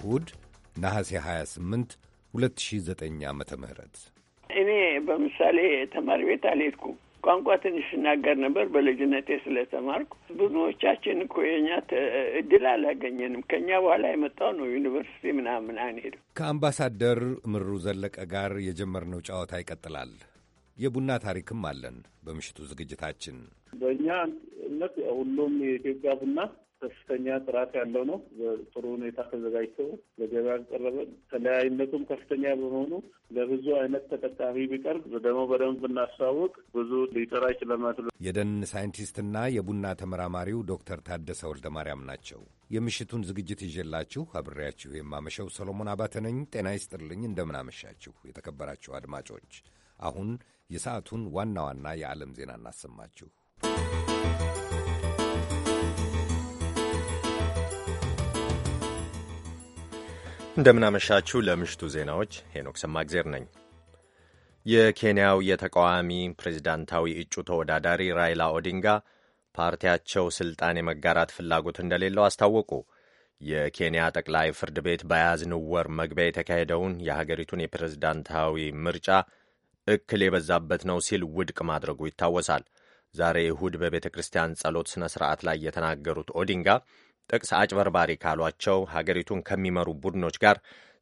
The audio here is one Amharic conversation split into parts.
እሁድ ነሐሴ 28 2009 ዓ ም እኔ በምሳሌ ተማሪ ቤት አልሄድኩም። ቋንቋ ትንሽ ስናገር ነበር በልጅነቴ ስለተማርኩ። ብዙዎቻችን እኮ የኛ እድል አላገኘንም። ከኛ በኋላ የመጣው ነው ዩኒቨርሲቲ ምናምን አንሄድም። ከአምባሳደር ምሩ ዘለቀ ጋር የጀመርነው ጨዋታ ይቀጥላል። የቡና ታሪክም አለን በምሽቱ ዝግጅታችን። በእኛ እምነት ሁሉም የኢትዮጵያ ቡና ከፍተኛ ጥራት ያለው ነው። በጥሩ ሁኔታ ተዘጋጅቶ ለገበያ ቀረበ። ተለያይነቱም ከፍተኛ በመሆኑ ለብዙ አይነት ተጠቃሚ ቢቀርብ ደግሞ በደንብ ብናስተዋውቅ ብዙ ሊጠራ ይችላል። የደን ሳይንቲስትና የቡና ተመራማሪው ዶክተር ታደሰ ወልደ ማርያም ናቸው። የምሽቱን ዝግጅት ይዤላችሁ አብሬያችሁ የማመሸው ሰሎሞን አባተ ነኝ። ጤና ይስጥልኝ። እንደምናመሻችሁ የተከበራችሁ አድማጮች። አሁን የሰዓቱን ዋና ዋና የዓለም ዜና እናሰማችሁ። እንደምናመሻችሁ። ለምሽቱ ዜናዎች ሄኖክ ሰማግዜር ነኝ። የኬንያው የተቃዋሚ ፕሬዝዳንታዊ እጩ ተወዳዳሪ ራይላ ኦዲንጋ ፓርቲያቸው ስልጣን የመጋራት ፍላጎት እንደሌለው አስታወቁ። የኬንያ ጠቅላይ ፍርድ ቤት በያዝነው ወር መግቢያ የተካሄደውን የሀገሪቱን የፕሬዝዳንታዊ ምርጫ እክል የበዛበት ነው ሲል ውድቅ ማድረጉ ይታወሳል። ዛሬ እሁድ በቤተ ክርስቲያን ጸሎት ሥነ ሥርዓት ላይ የተናገሩት ኦዲንጋ ጥቅስ አጭበርባሪ ካሏቸው ሀገሪቱን ከሚመሩ ቡድኖች ጋር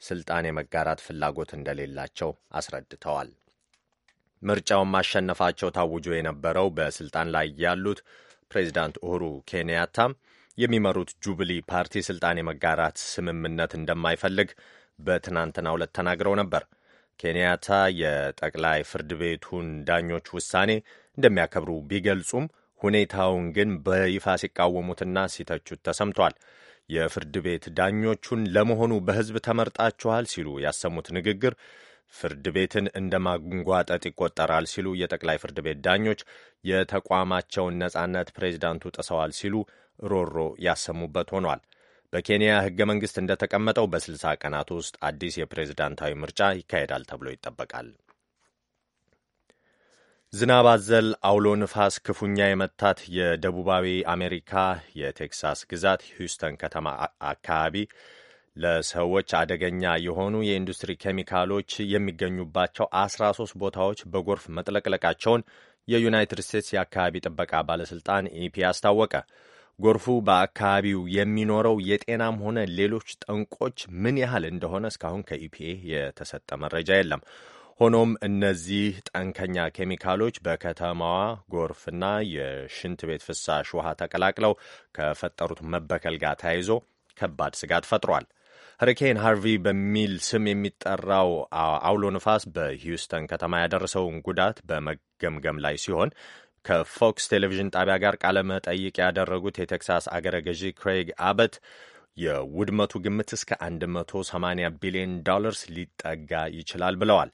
ስልጣን የመጋራት ፍላጎት እንደሌላቸው አስረድተዋል። ምርጫውን ማሸነፋቸው ታውጆ የነበረው በስልጣን ላይ ያሉት ፕሬዚዳንት ኡሁሩ ኬንያታ የሚመሩት ጁብሊ ፓርቲ ስልጣን የመጋራት ስምምነት እንደማይፈልግ በትናንትና ዕለት ተናግረው ነበር። ኬንያታ የጠቅላይ ፍርድ ቤቱን ዳኞች ውሳኔ እንደሚያከብሩ ቢገልጹም ሁኔታውን ግን በይፋ ሲቃወሙትና ሲተቹት ተሰምቷል። የፍርድ ቤት ዳኞቹን ለመሆኑ በሕዝብ ተመርጣችኋል ሲሉ ያሰሙት ንግግር ፍርድ ቤትን እንደ ማንጓጠጥ ይቆጠራል ሲሉ የጠቅላይ ፍርድ ቤት ዳኞች የተቋማቸውን ነጻነት ፕሬዚዳንቱ ጥሰዋል ሲሉ ሮሮ ያሰሙበት ሆኗል። በኬንያ ሕገ መንግሥት እንደተቀመጠው በ60 ቀናት ውስጥ አዲስ የፕሬዝዳንታዊ ምርጫ ይካሄዳል ተብሎ ይጠበቃል። ዝናብ አዘል አውሎ ንፋስ ክፉኛ የመታት የደቡባዊ አሜሪካ የቴክሳስ ግዛት ሂውስተን ከተማ አካባቢ ለሰዎች አደገኛ የሆኑ የኢንዱስትሪ ኬሚካሎች የሚገኙባቸው 13 ቦታዎች በጎርፍ መጥለቅለቃቸውን የዩናይትድ ስቴትስ የአካባቢ ጥበቃ ባለሥልጣን ኢፒ አስታወቀ። ጎርፉ በአካባቢው የሚኖረው የጤናም ሆነ ሌሎች ጠንቆች ምን ያህል እንደሆነ እስካሁን ከኢፒኤ የተሰጠ መረጃ የለም። ሆኖም እነዚህ ጠንከኛ ኬሚካሎች በከተማዋ ጎርፍና የሽንት ቤት ፍሳሽ ውሃ ተቀላቅለው ከፈጠሩት መበከል ጋር ተያይዞ ከባድ ስጋት ፈጥሯል። ሀሪኬን ሃርቪ በሚል ስም የሚጠራው አውሎ ንፋስ በሂውስተን ከተማ ያደረሰውን ጉዳት በመገምገም ላይ ሲሆን ከፎክስ ቴሌቪዥን ጣቢያ ጋር ቃለ መጠይቅ ያደረጉት የቴክሳስ አገረ ገዢ ክሬግ አበት የውድመቱ ግምት እስከ 180 ቢሊዮን ዶላርስ ሊጠጋ ይችላል ብለዋል።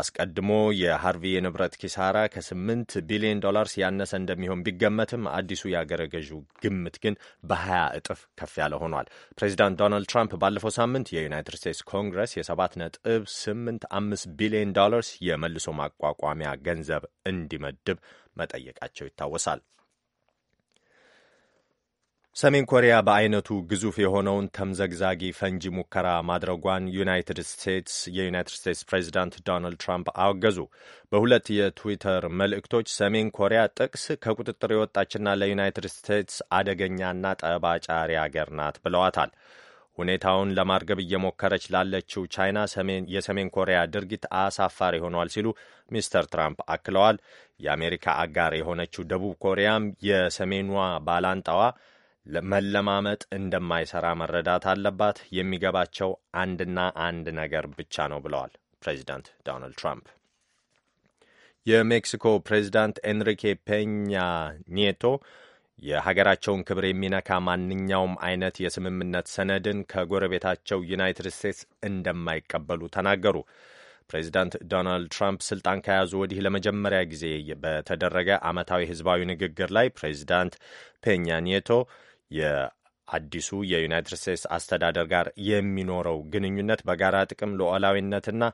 አስቀድሞ የሃርቪ የንብረት ኪሳራ ከ8 ቢሊዮን ዶላርስ ያነሰ እንደሚሆን ቢገመትም አዲሱ የአገረ ገዢው ግምት ግን በ20 እጥፍ ከፍ ያለ ሆኗል። ፕሬዚዳንት ዶናልድ ትራምፕ ባለፈው ሳምንት የዩናይትድ ስቴትስ ኮንግረስ የ 85 ቢሊዮን ዶላርስ የመልሶ ማቋቋሚያ ገንዘብ እንዲመድብ መጠየቃቸው ይታወሳል። ሰሜን ኮሪያ በአይነቱ ግዙፍ የሆነውን ተምዘግዛጊ ፈንጂ ሙከራ ማድረጓን ዩናይትድ ስቴትስ የዩናይትድ ስቴትስ ፕሬዚዳንት ዶናልድ ትራምፕ አወገዙ። በሁለት የትዊተር መልእክቶች ሰሜን ኮሪያ ጥቅስ ከቁጥጥር የወጣችና ለዩናይትድ ስቴትስ አደገኛና ጠባጫሪ አገር ናት ብለዋታል። ሁኔታውን ለማርገብ እየሞከረች ላለችው ቻይና የሰሜን ኮሪያ ድርጊት አሳፋሪ ሆኗል ሲሉ ሚስተር ትራምፕ አክለዋል። የአሜሪካ አጋር የሆነችው ደቡብ ኮሪያም የሰሜኗ ባላንጣዋ መለማመጥ እንደማይሰራ መረዳት አለባት። የሚገባቸው አንድና አንድ ነገር ብቻ ነው ብለዋል ፕሬዚዳንት ዶናልድ ትራምፕ። የሜክሲኮ ፕሬዚዳንት ኤንሪኬ ፔኛ ኒየቶ የሀገራቸውን ክብር የሚነካ ማንኛውም አይነት የስምምነት ሰነድን ከጎረቤታቸው ዩናይትድ ስቴትስ እንደማይቀበሉ ተናገሩ። ፕሬዚዳንት ዶናልድ ትራምፕ ስልጣን ከያዙ ወዲህ ለመጀመሪያ ጊዜ በተደረገ ዓመታዊ ህዝባዊ ንግግር ላይ ፕሬዚዳንት ፔኛ ኒየቶ የአዲሱ የዩናይትድ ስቴትስ አስተዳደር ጋር የሚኖረው ግንኙነት በጋራ ጥቅም ሉዓላዊነትና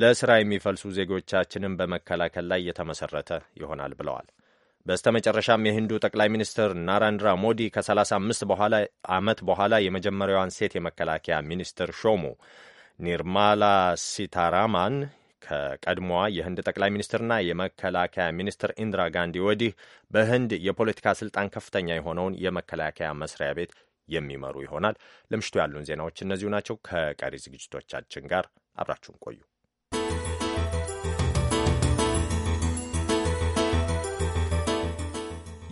ለስራ የሚፈልሱ ዜጎቻችንን በመከላከል ላይ የተመሰረተ ይሆናል ብለዋል። በስተ መጨረሻም የህንዱ ጠቅላይ ሚኒስትር ናራንድራ ሞዲ ከ35 በኋላ ዓመት በኋላ የመጀመሪያዋን ሴት የመከላከያ ሚኒስትር ሾሙ። ኒርማላ ሲታራማን ከቀድሞዋ የህንድ ጠቅላይ ሚኒስትርና የመከላከያ ሚኒስትር ኢንዲራ ጋንዲ ወዲህ በህንድ የፖለቲካ ስልጣን ከፍተኛ የሆነውን የመከላከያ መስሪያ ቤት የሚመሩ ይሆናል። ለምሽቱ ያሉን ዜናዎች እነዚሁ ናቸው። ከቀሪ ዝግጅቶቻችን ጋር አብራችሁን ቆዩ።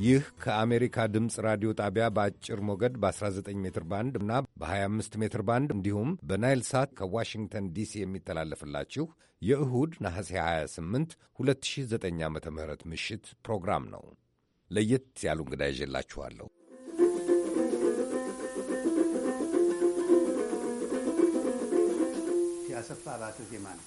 ይህ ከአሜሪካ ድምፅ ራዲዮ ጣቢያ በአጭር ሞገድ በ19 ሜትር ባንድ እና በ25 ሜትር ባንድ እንዲሁም በናይል ሳት ከዋሽንግተን ዲሲ የሚተላለፍላችሁ የእሁድ ነሐሴ 28 2009 ዓ ም ምሽት ፕሮግራም ነው። ለየት ያሉ እንግዳ ይዤላችኋለሁ። ያሰፋ አባተ ዜማ ነው።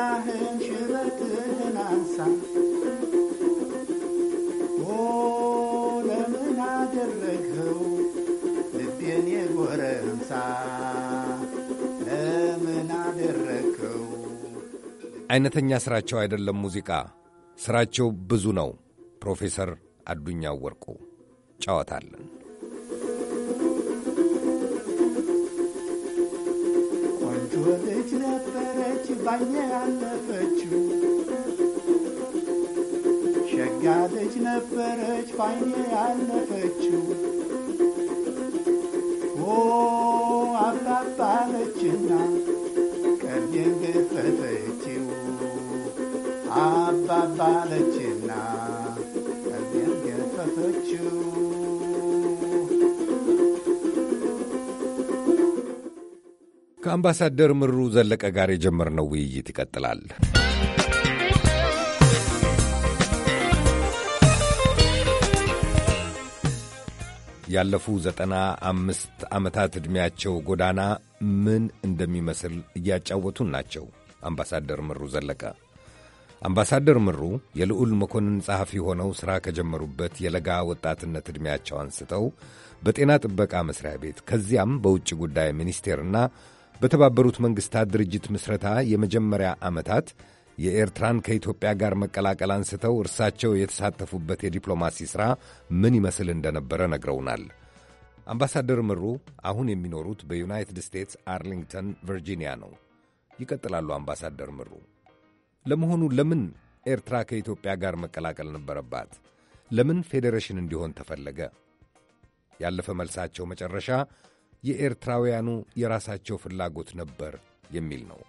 ዝናህን ሽበትህን አንሳ ኦ ለምን አደረግኸው ልቤን የጎረምሳ ለምን አደረግኸው። አይነተኛ ሥራቸው አይደለም ሙዚቃ፣ ሥራቸው ብዙ ነው። ፕሮፌሰር አዱኛ ወርቁ ጨዋታለን ብርቱ ልጅ ነበረች ባኛ ያለፈችው ሸጋ ልጅ ነበረች ባኛ ያለፈችው ኦ አባባለችና ቀልዴን ገፈፈችው አባባለችና ቀልዴን ገፈፈችው ከአምባሳደር ምሩ ዘለቀ ጋር የጀመርነው ውይይት ይቀጥላል። ያለፉ ዘጠና አምስት ዓመታት ዕድሜያቸው ጎዳና ምን እንደሚመስል እያጫወቱን ናቸው አምባሳደር ምሩ ዘለቀ። አምባሳደር ምሩ የልዑል መኮንን ጸሐፊ ሆነው ሥራ ከጀመሩበት የለጋ ወጣትነት ዕድሜያቸው አንስተው በጤና ጥበቃ መሥሪያ ቤት ከዚያም በውጭ ጉዳይ ሚኒስቴርና በተባበሩት መንግሥታት ድርጅት ምስረታ የመጀመሪያ ዓመታት የኤርትራን ከኢትዮጵያ ጋር መቀላቀል አንስተው እርሳቸው የተሳተፉበት የዲፕሎማሲ ሥራ ምን ይመስል እንደነበረ ነግረውናል። አምባሳደር ምሩ አሁን የሚኖሩት በዩናይትድ ስቴትስ አርሊንግተን ቨርጂኒያ ነው። ይቀጥላሉ አምባሳደር ምሩ። ለመሆኑ ለምን ኤርትራ ከኢትዮጵያ ጋር መቀላቀል ነበረባት? ለምን ፌዴሬሽን እንዲሆን ተፈለገ? ያለፈ መልሳቸው መጨረሻ የኤርትራውያኑ የራሳቸው ፍላጎት ነበር የሚል ነው።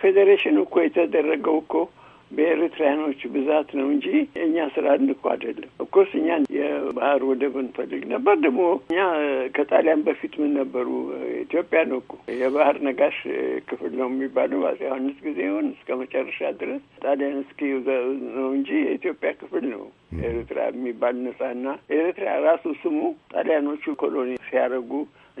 ፌዴሬሽኑ እኮ የተደረገው እኮ በኤርትራያኖች ብዛት ነው እንጂ እኛ ስራ እንኳ አይደለም። ኦፍኮርስ እኛ የባህር ወደብ እንፈልግ ነበር። ደግሞ እኛ ከጣሊያን በፊት ምን ነበሩ? ኢትዮጵያ ነው እኮ የባህር ነጋሽ ክፍል ነው የሚባለው አፄ ዮሐንስ ጊዜ ይሁን እስከ መጨረሻ ድረስ ጣሊያን እስኪ ነው እንጂ የኢትዮጵያ ክፍል ነው hmm. ኤርትራ የሚባል ነጻና ኤርትራ ራሱ ስሙ ጣሊያኖቹ ኮሎኒ ሲያደርጉ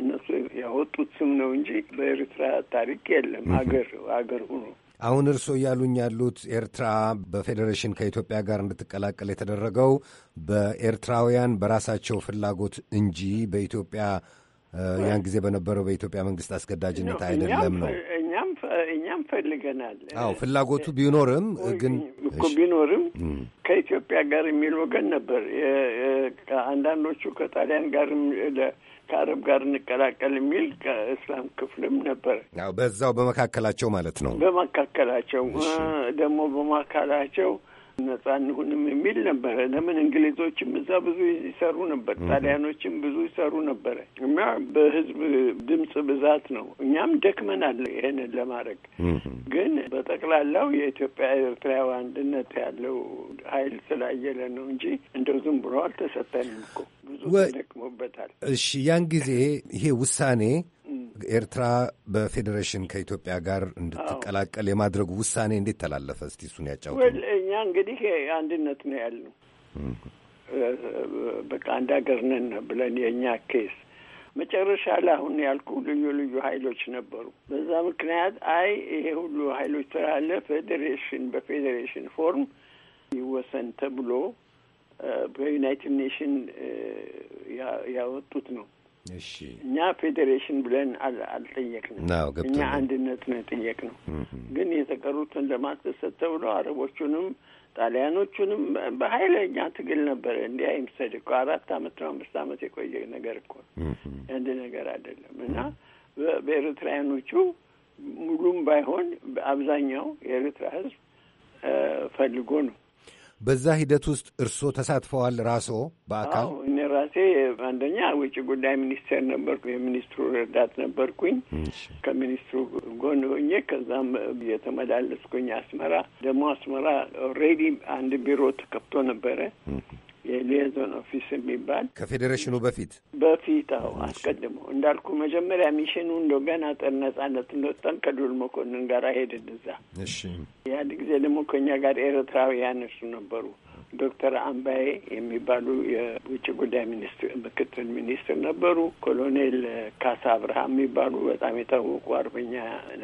እነሱ ያወጡት ስም ነው እንጂ በኤርትራ ታሪክ የለም አገር አገር ሆኖ አሁን እርስዎ እያሉኝ ያሉት ኤርትራ በፌዴሬሽን ከኢትዮጵያ ጋር እንድትቀላቀል የተደረገው በኤርትራውያን በራሳቸው ፍላጎት እንጂ በኢትዮጵያ ያን ጊዜ በነበረው በኢትዮጵያ መንግስት አስገዳጅነት አይደለም ነው። እኛም ፈልገናል። አዎ ፍላጎቱ ቢኖርም ግን እኮ ቢኖርም ከኢትዮጵያ ጋር የሚል ወገን ነበር። አንዳንዶቹ ከጣሊያን ጋርም ከአረብ ጋር እንቀላቀል የሚል ከእስላም ክፍልም ነበር። በዛው በመካከላቸው ማለት ነው። በመካከላቸው ደግሞ በመካከላቸው ነጻ እንሁንም የሚል ነበረ። ለምን እንግሊዞችም እዛ ብዙ ይሰሩ ነበር፣ ጣሊያኖችም ብዙ ይሰሩ ነበረ እና በህዝብ ድምጽ ብዛት ነው። እኛም ደክመናል ይሄንን ለማድረግ ግን በጠቅላላው የኢትዮጵያ ኤርትራዊ አንድነት ያለው ኃይል ስላየለ ነው እንጂ እንደው ዝም ብሎ አልተሰጠንም እኮ ብዙ ደክሞበታል። እሺ ያን ጊዜ ይሄ ውሳኔ ኤርትራ በፌዴሬሽን ከኢትዮጵያ ጋር እንድትቀላቀል የማድረጉ ውሳኔ እንዴት ተላለፈ? እስቲ እሱን ያጫውቁ። እኛ እንግዲህ አንድነት ነው ያሉ በቃ አንድ ሀገር ነን ብለን የእኛ ኬስ መጨረሻ ላይ አሁን ያልኩ ልዩ ልዩ ሀይሎች ነበሩ። በዛ ምክንያት አይ ይሄ ሁሉ ሀይሎች ስላለ ፌዴሬሽን በፌዴሬሽን ፎርም ይወሰን ተብሎ በዩናይትድ ኔሽን ያወጡት ነው እኛ ፌዴሬሽን ብለን አልጠየቅንም። እኛ አንድነት ነው የጠየቅነው። ግን የተቀሩትን ለማስደሰት ተብሎ አረቦቹንም ጣሊያኖቹንም በኃይለኛ ትግል ነበረ። እንዲህ አይምሰድ እኮ አራት አመት ነው አምስት አመት የቆየ ነገር እኮ አንድ ነገር አይደለም። እና በኤርትራውያኖቹ ሙሉም ባይሆን አብዛኛው የኤርትራ ህዝብ ፈልጎ ነው በዛ ሂደት ውስጥ እርስዎ ተሳትፈዋል? ራስዎ በአካል? እኔ ራሴ አንደኛ ውጭ ጉዳይ ሚኒስቴር ነበርኩ፣ የሚኒስትሩ ረዳት ነበርኩኝ። ከሚኒስትሩ ጎን ሆኜ ከዛም የተመላለስኩኝ አስመራ ደግሞ አስመራ ኦልሬዲ አንድ ቢሮ ተከፍቶ ነበረ የሊየዞን ኦፊስ የሚባል ከፌዴሬሽኑ በፊት በፊት ው አስቀድሞ እንዳልኩ መጀመሪያ ሚሽኑ እንደው ገና ጠር ነጻነት እንደወጣን ከዱል መኮንን ጋር ሄድን እዛ። ያን ጊዜ ደግሞ ከኛ ጋር ኤርትራውያን እርሱ ነበሩ። ዶክተር አምባዬ የሚባሉ የውጭ ጉዳይ ሚኒስትር ምክትል ሚኒስትር ነበሩ። ኮሎኔል ካሳ አብርሃም የሚባሉ በጣም የታወቁ አርበኛ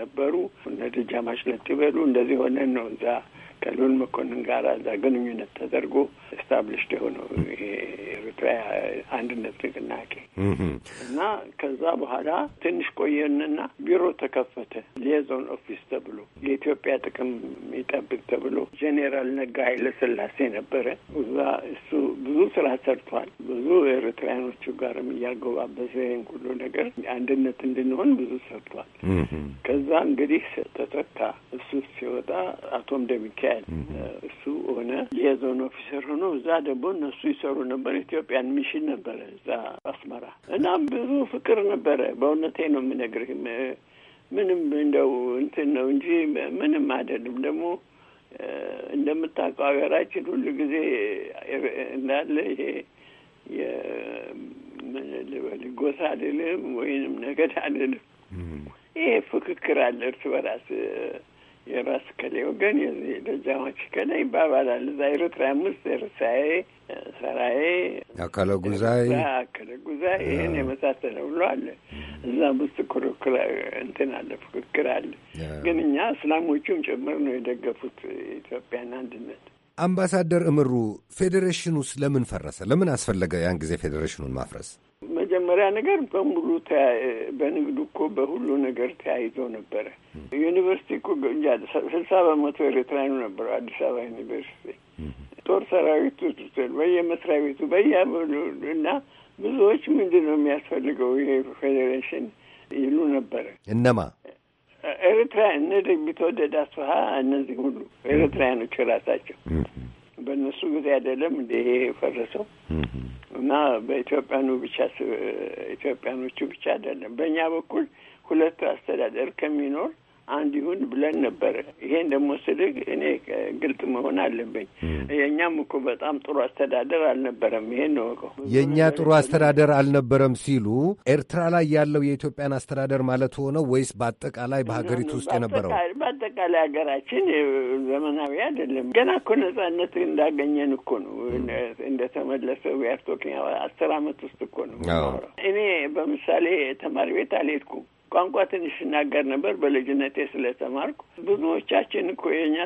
ነበሩ። እነ ደጃማች ለጥበሉ እንደዚህ ሆነን ነው እዛ ከልዑል መኮንን ጋር እዛ ግንኙነት ተደርጎ ኤስታብሊሽድ የሆነው ይሄ ኤርትራ አንድነት ንቅናቄ እና ከዛ በኋላ ትንሽ ቆየንና ቢሮ ተከፈተ። ሊየዞን ኦፊስ ተብሎ የኢትዮጵያ ጥቅም ይጠብቅ ተብሎ ጄኔራል ነጋ ስላሴ ነበረ። እዛ እሱ ብዙ ስራ ሰርቷል። ብዙ ኤርትራያኖቹ ጋርም እያጎባበሰ ይህን ሁሉ ነገር አንድነት እንድንሆን ብዙ ሰርቷል። ከዛ እንግዲህ ተተካ። እሱ ሲወጣ አቶ እንደሚካኤል ሚካኤል እሱ ሆነ የዞን ኦፊሰር ሆኖ እዛ ደግሞ እነሱ ይሰሩ ነበር። ኢትዮጵያን ሚሽን ነበረ እዛ አስመራ እና ብዙ ፍቅር ነበረ። በእውነቴ ነው የምነግርህ። ምንም እንደው እንትን ነው እንጂ ምንም አይደለም። ደግሞ እንደምታውቀው ሀገራችን ሁሉ ጊዜ እንዳለ ይሄ ምን ልበልህ ጎሳ አልልም ወይንም ነገድ አይደለም። ይሄ ፍክክር አለ እርስ በራስ የባስ ከሌ ወገን ደጃሞች ከሌ ይባባላል። እዛ ኤርትራ አምስት ኤርሳዬ፣ ሰራዬ፣ አካለ ጉዛይ፣ አካለ ጉዛይ ይህን የመሳሰለ ብሎ አለ። እዛ ውስጥ ክርክር እንትን አለ፣ ፍክክር አለ። ግን እኛ እስላሞቹም ጭምር ነው የደገፉት ኢትዮጵያን አንድነት። አምባሳደር እምሩ ፌዴሬሽኑስ ለምን ፈረሰ? ለምን አስፈለገ ያን ጊዜ ፌዴሬሽኑን ማፍረስ? የመጀመሪያ ነገር በሙሉ በንግዱ እኮ በሁሉ ነገር ተያይዞ ነበረ። ዩኒቨርሲቲ እኮ ስልሳ በመቶ ኤርትራያኑ ነበሩ አዲስ አበባ ዩኒቨርሲቲ ጦር ሰራዊት በየመስሪያ ቤቱ በያ እና ብዙዎች ምንድን ነው የሚያስፈልገው ይሄ ፌዴሬሽን ይሉ ነበረ። እነማ ኤርትራ እነ ወደድ አስፋሀ እነዚህ ሁሉ ኤርትራያኖች ራሳቸው በእነሱ ጊዜ አይደለም እንደ ይሄ የፈረሰው እና በኢትዮጵያኑ ብቻ ኢትዮጵያኖቹ ብቻ አይደለም በእኛ በኩል ሁለቱ አስተዳደር ከሚኖር አንድ ይሁን ብለን ነበረ። ይሄን ደግሞ ስልግ እኔ ግልጽ መሆን አለብኝ። የእኛም እኮ በጣም ጥሩ አስተዳደር አልነበረም። ይሄን ነው እኮ የእኛ ጥሩ አስተዳደር አልነበረም ሲሉ ኤርትራ ላይ ያለው የኢትዮጵያን አስተዳደር ማለት ሆነው ወይስ በአጠቃላይ በሀገሪቱ ውስጥ የነበረው? በአጠቃላይ ሀገራችን ዘመናዊ አይደለም። ገና እኮ ነጻነት እንዳገኘን እኮ ነው እንደተመለሰ ያርቶክ አስር አመት ውስጥ እኮ ነው። እኔ በምሳሌ ተማሪ ቤት አልሄድኩም ቋንቋ ትንሽ እናገር ነበር በልጅነቴ ስለተማርኩ። ብዙዎቻችን እኮ የኛ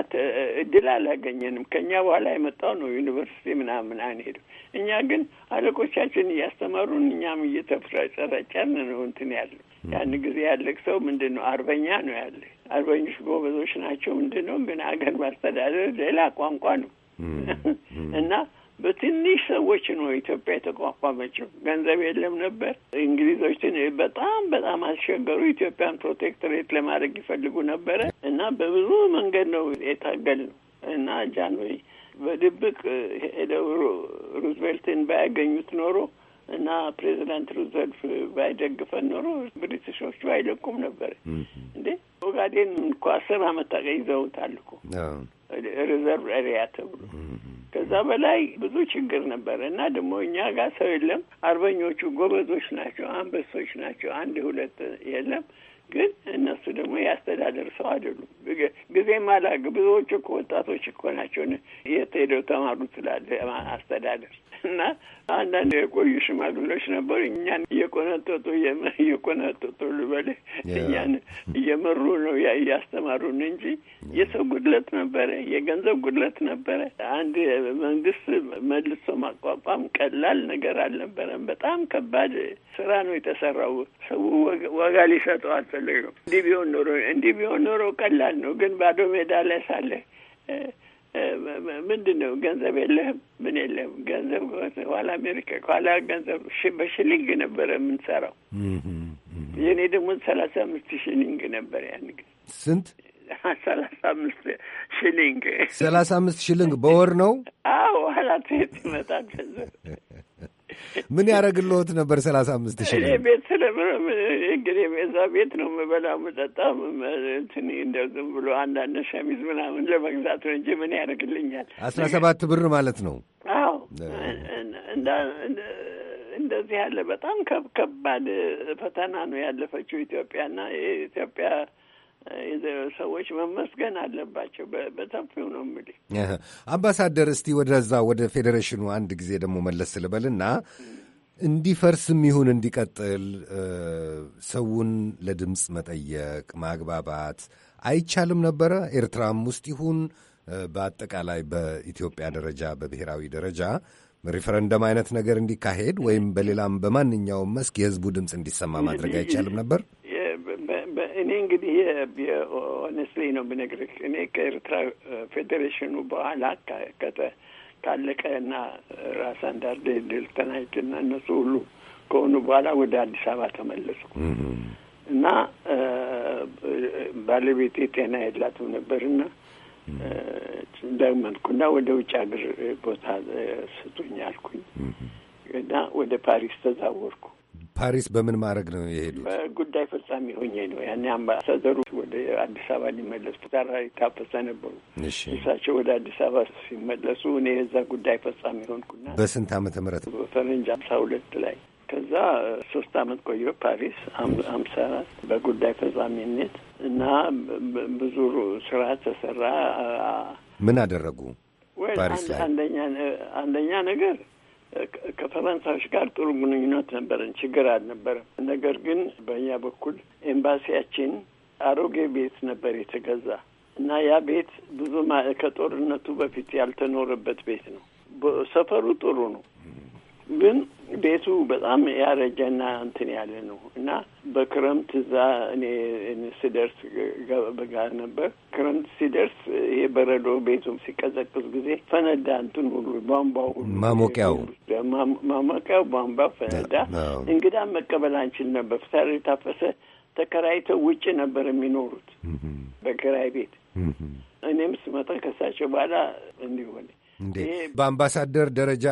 እድል አላገኘንም። ከእኛ በኋላ የመጣው ነው ዩኒቨርሲቲ ምናምን አንሄድም። እኛ ግን አለቆቻችን እያስተማሩን እኛም እየተፍረጨረጨን ነው እንትን ያለ ያን ጊዜ ያለቅ ሰው ምንድን ነው አርበኛ ነው ያለ። አርበኞች ጎበዞች ናቸው ምንድን ነው ግን አገር ማስተዳደር ሌላ ቋንቋ ነው እና በትንሽ ሰዎች ነው ኢትዮጵያ የተቋቋመችው። ገንዘብ የለም ነበር። እንግሊዞችን በጣም በጣም አስቸገሩ። ኢትዮጵያን ፕሮቴክትሬት ለማድረግ ይፈልጉ ነበረ እና በብዙ መንገድ ነው የታገል ነው እና ጃንሆይ በድብቅ ሄደው ሩዝቬልትን ባያገኙት ኖሮ እና ፕሬዚዳንት ሩዝቬልት ባይደግፈን ኖሮ ብሪትሾቹ አይለቁም ነበር እንዴ። ኦጋዴን እኮ አስር አመት ይዘውታል እኮ ሪዘርቭ ኤሪያ ተብሎ ከዛ በላይ ብዙ ችግር ነበረ እና ደግሞ እኛ ጋር ሰው የለም። አርበኞቹ ጎበዞች ናቸው፣ አንበሶች ናቸው። አንድ ሁለት የለም። ግን እነሱ ደግሞ ያስተዳደር ሰው አይደሉም። ጊዜ አላገ ብዙዎቹ እኮ ወጣቶች እኮ ናቸው የት ሄደው ተማሩ ትላለ አስተዳደር እና አንዳንድ የቆዩ ሽማግሎች ነበሩ። እኛን እየቆነጠጡ እየቆነጠጡ ልበል እኛን እየመሩ ነው እያስተማሩን እንጂ የሰው ጉድለት ነበረ፣ የገንዘብ ጉድለት ነበረ። አንድ መንግስት መልሶ ማቋቋም ቀላል ነገር አልነበረም። በጣም ከባድ ስራ ነው የተሰራው። ሰው ዋጋ ሊሰጠው አልፈለገም። እንዲህ ቢሆን ኖሮ እንዲህ ቢሆን ኖሮ ቀላል ነው። ግን ባዶ ሜዳ ላይ ሳለህ ምንድን ነው ገንዘብ የለህም፣ ምን የለህም። ገንዘብ ኋላ አሜሪካ ኋላ ገንዘብ በሽሊንግ ነበረ የምንሰራው። የእኔ ደግሞ ሰላሳ አምስት ሽሊንግ ነበር ያን ጊዜ። ስንት? ሰላሳ አምስት ሽሊንግ ሰላሳ አምስት ሽሊንግ በወር ነው። አዎ ኋላ ትሄድ ይመጣል ገንዘብ ምን ያደረግልዎት ነበር? ሰላሳ አምስት ሺህ እኔ ቤት ስለምንም እንግዲህ ቤዛ ቤት ነው የምበላ የምጠጣ እንትን እንደው ዝም ብሎ አንዳንድ ሸሚዝ ምናምን ለመግዛት ነው እንጂ ምን ያደርግልኛል? አስራ ሰባት ብር ማለት ነው። አዎ እንደዚህ ያለ በጣም ከባድ ፈተና ነው ያለፈችው ኢትዮጵያና የኢትዮጵያ ሰዎች መመስገን አለባቸው። በሰፊው ነው የምልህ አምባሳደር። እስቲ ወደዛ ወደ ፌዴሬሽኑ አንድ ጊዜ ደግሞ መለስ ስልበልና እንዲፈርስም ይሁን እንዲቀጥል ሰውን ለድምፅ መጠየቅ ማግባባት አይቻልም ነበረ። ኤርትራም ውስጥ ይሁን በአጠቃላይ በኢትዮጵያ ደረጃ በብሔራዊ ደረጃ ሪፈረንደም አይነት ነገር እንዲካሄድ ወይም በሌላም በማንኛውም መስክ የህዝቡ ድምፅ እንዲሰማ ማድረግ አይቻልም ነበር። እኔ እንግዲህ ኦነስትሊ ነው ብነግርህ እኔ ከኤርትራ ፌዴሬሽኑ በኋላ ካለቀ እና ራሳ እንዳርደ ድልተናይት እና እነሱ ሁሉ ከሆኑ በኋላ ወደ አዲስ አበባ ተመለስኩ እና ባለቤቴ ጤና የላትም ነበርና ደመንኩ እና ወደ ውጭ ሀገር ቦታ ስጡኝ አልኩኝ እና ወደ ፓሪስ ተዛወርኩ። ፓሪስ በምን ማድረግ ነው የሄዱት? ጉዳይ ፈጻሚ ሆኜ ነው። ያኔ አምባሳደሩ ወደ አዲስ አበባ ሊመለሱ ጋራ ይታፈሰ ነበሩ። እሳቸው ወደ አዲስ አበባ ሲመለሱ እኔ የዛ ጉዳይ ፈጻሚ ሆንኩና በስንት ዓመተ ምህረት በፈረንጅ አምሳ ሁለት ላይ ከዛ ሶስት አመት ቆየ ፓሪስ አምሳ አራት በጉዳይ ፈጻሚነት እና ብዙ ስራ ተሰራ። ምን አደረጉ ፓሪስ ላይ? አንደኛ ነገር ከፈረንሳዮች ጋር ጥሩ ግንኙነት ነበረን፣ ችግር አልነበረም። ነገር ግን በእኛ በኩል ኤምባሲያችን አሮጌ ቤት ነበር የተገዛ እና ያ ቤት ብዙ ከጦርነቱ በፊት ያልተኖረበት ቤት ነው። ሰፈሩ ጥሩ ነው። ግን ቤቱ በጣም ያረጀና እንትን ያለ ነው እና በክረምት እዛ እኔ ስደርስ በጋ ነበር። ክረምት ሲደርስ ይሄ በረዶ ቤቱ ሲቀዘቅዝ ጊዜ ፈነዳ፣ እንትን ሁሉ ቧንቧው ሁሉ ማሞቂያው ማሞቂያው ቧንቧ ፈነዳ። እንግዳ መቀበል አንችል ነበር። ፍታሪ ታፈሰ ተከራይተው ውጭ ነበር የሚኖሩት በክራይ ቤት። እኔም ስመጣ ከሳቸው በኋላ እንዲሆነ እንዴ በአምባሳደር ደረጃ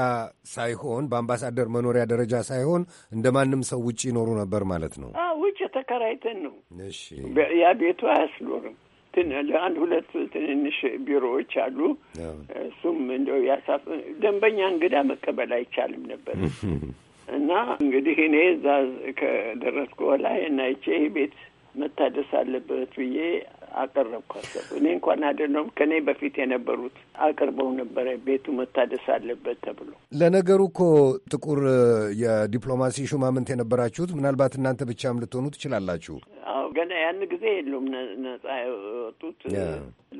ሳይሆን በአምባሳደር መኖሪያ ደረጃ ሳይሆን እንደ ማንም ሰው ውጭ ይኖሩ ነበር ማለት ነው። ውጭ ተከራይተን ነው። እሺ ያ ቤቱ አያስኖርም። ለአንድ ሁለት ትንንሽ ቢሮዎች አሉ። እሱም እንደው ያሳፍ ደንበኛ እንግዳ መቀበል አይቻልም ነበር እና እንግዲህ እኔ እዛ ከደረስኩ ላይ እና ይቼ ቤት መታደስ አለበት ብዬ አቀረብኳቸው። እኔ እንኳን አይደለም ከእኔ በፊት የነበሩት አቅርበው ነበረ። ቤቱ መታደስ አለበት ተብሎ። ለነገሩ እኮ ጥቁር የዲፕሎማሲ ሹማምንት የነበራችሁት ምናልባት እናንተ ብቻም ልትሆኑ ትችላላችሁ። አዎ፣ ገና ያን ጊዜ የሉም ነጻ የወጡት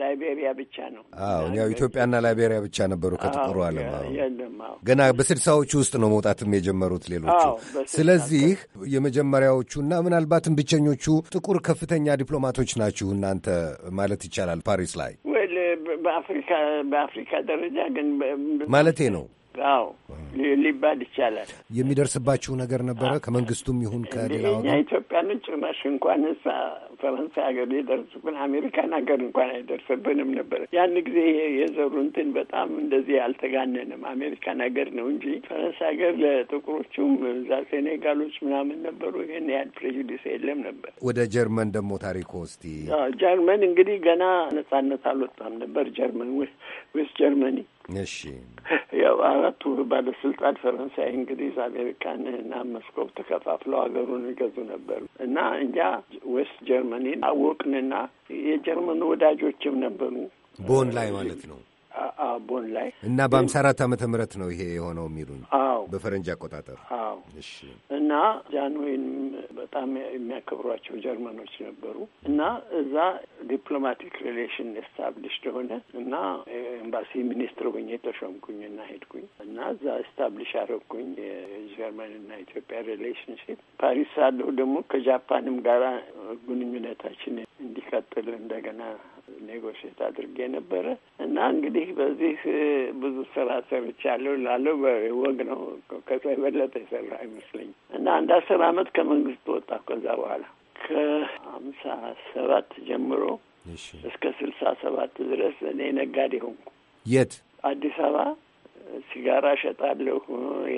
ላይቤሪያ ብቻ ነው። አዎ፣ ያው ኢትዮጵያና ላይቤሪያ ብቻ ነበሩ ከጥቁሩ ዓለም። የለም ገና በስድሳዎቹ ውስጥ ነው መውጣትም የጀመሩት ሌሎቹ። ስለዚህ የመጀመሪያዎቹና ምናልባትም ብቸኞቹ ጥቁር ከፍተኛ ዲፕሎማቶች ናችሁ እናንተ እናንተ ማለት ይቻላል ፓሪስ ላይ በአፍሪካ በአፍሪካ ደረጃ ግን ማለቴ ነው አዎ ሊባል ይቻላል። የሚደርስባችሁ ነገር ነበረ ከመንግስቱም ይሁን ከሌላ እኛ ኢትዮጵያኖች ጭራሽ እንኳን እሳ ፈረንሳይ ሀገር የደርሱብን አሜሪካን ሀገር እንኳን አይደርስብንም ነበር። ያን ጊዜ የዘሩ እንትን በጣም እንደዚህ አልተጋነንም። አሜሪካን ሀገር ነው እንጂ ፈረንሳይ ሀገር ለጥቁሮቹም እዛ ሴኔጋሎች ምናምን ነበሩ። ይህን ያህል ፕሬጁዲስ የለም ነበር። ወደ ጀርመን ደግሞ ታሪኮ እስቲ ጀርመን እንግዲህ ገና ነጻነት አልወጣም ነበር ጀርመን ዌስት ጀርመኒ እሺ ያው አራቱ ባለስልጣን ፈረንሳይ፣ እንግሊዝ፣ አሜሪካን እና መስኮብ ተከፋፍለው ሀገሩን ይገዙ ነበር እና እኛ ዌስት ጀርመኒን አወቅንና የጀርመን ወዳጆችም ነበሩ ቦን ላይ ማለት ነው። አቦን ላይ እና በአምሳ አራት ዓመተ ምህረት ነው ይሄ የሆነው የሚሉኝ። አዎ በፈረንጅ አቆጣጠር። አዎ እሺ። እና ጃንሆይንም በጣም የሚያከብሯቸው ጀርመኖች ነበሩ እና እዛ ዲፕሎማቲክ ሪሌሽን ኤስታብሊሽ ሆነ እና ኤምባሲ ሚኒስትር ሆኜ ተሾምኩኝ እና ሄድኩኝ እና እዛ ኤስታብሊሽ የጀርመን የጀርመንና ኢትዮጵያ ሪሌሽንሽፕ። ፓሪስ ሳለሁ ደግሞ ከጃፓንም ጋራ ግንኙነታችን እንዲቀጥል እንደገና ኔጎሽት አድርጌ ነበረ እና እንግዲህ በዚህ ብዙ ስራ ሰርቻለሁ ላለው ወግ ነው። ከዛ የበለጠ የሰራ አይመስለኝ እና አንድ አስር አመት ከመንግስት ወጣ። ከዛ በኋላ ከሀምሳ ሰባት ጀምሮ እስከ ስልሳ ሰባት ድረስ እኔ ነጋዴ ሆንኩ። የት? አዲስ አበባ ሲጋራ እሸጣለሁ።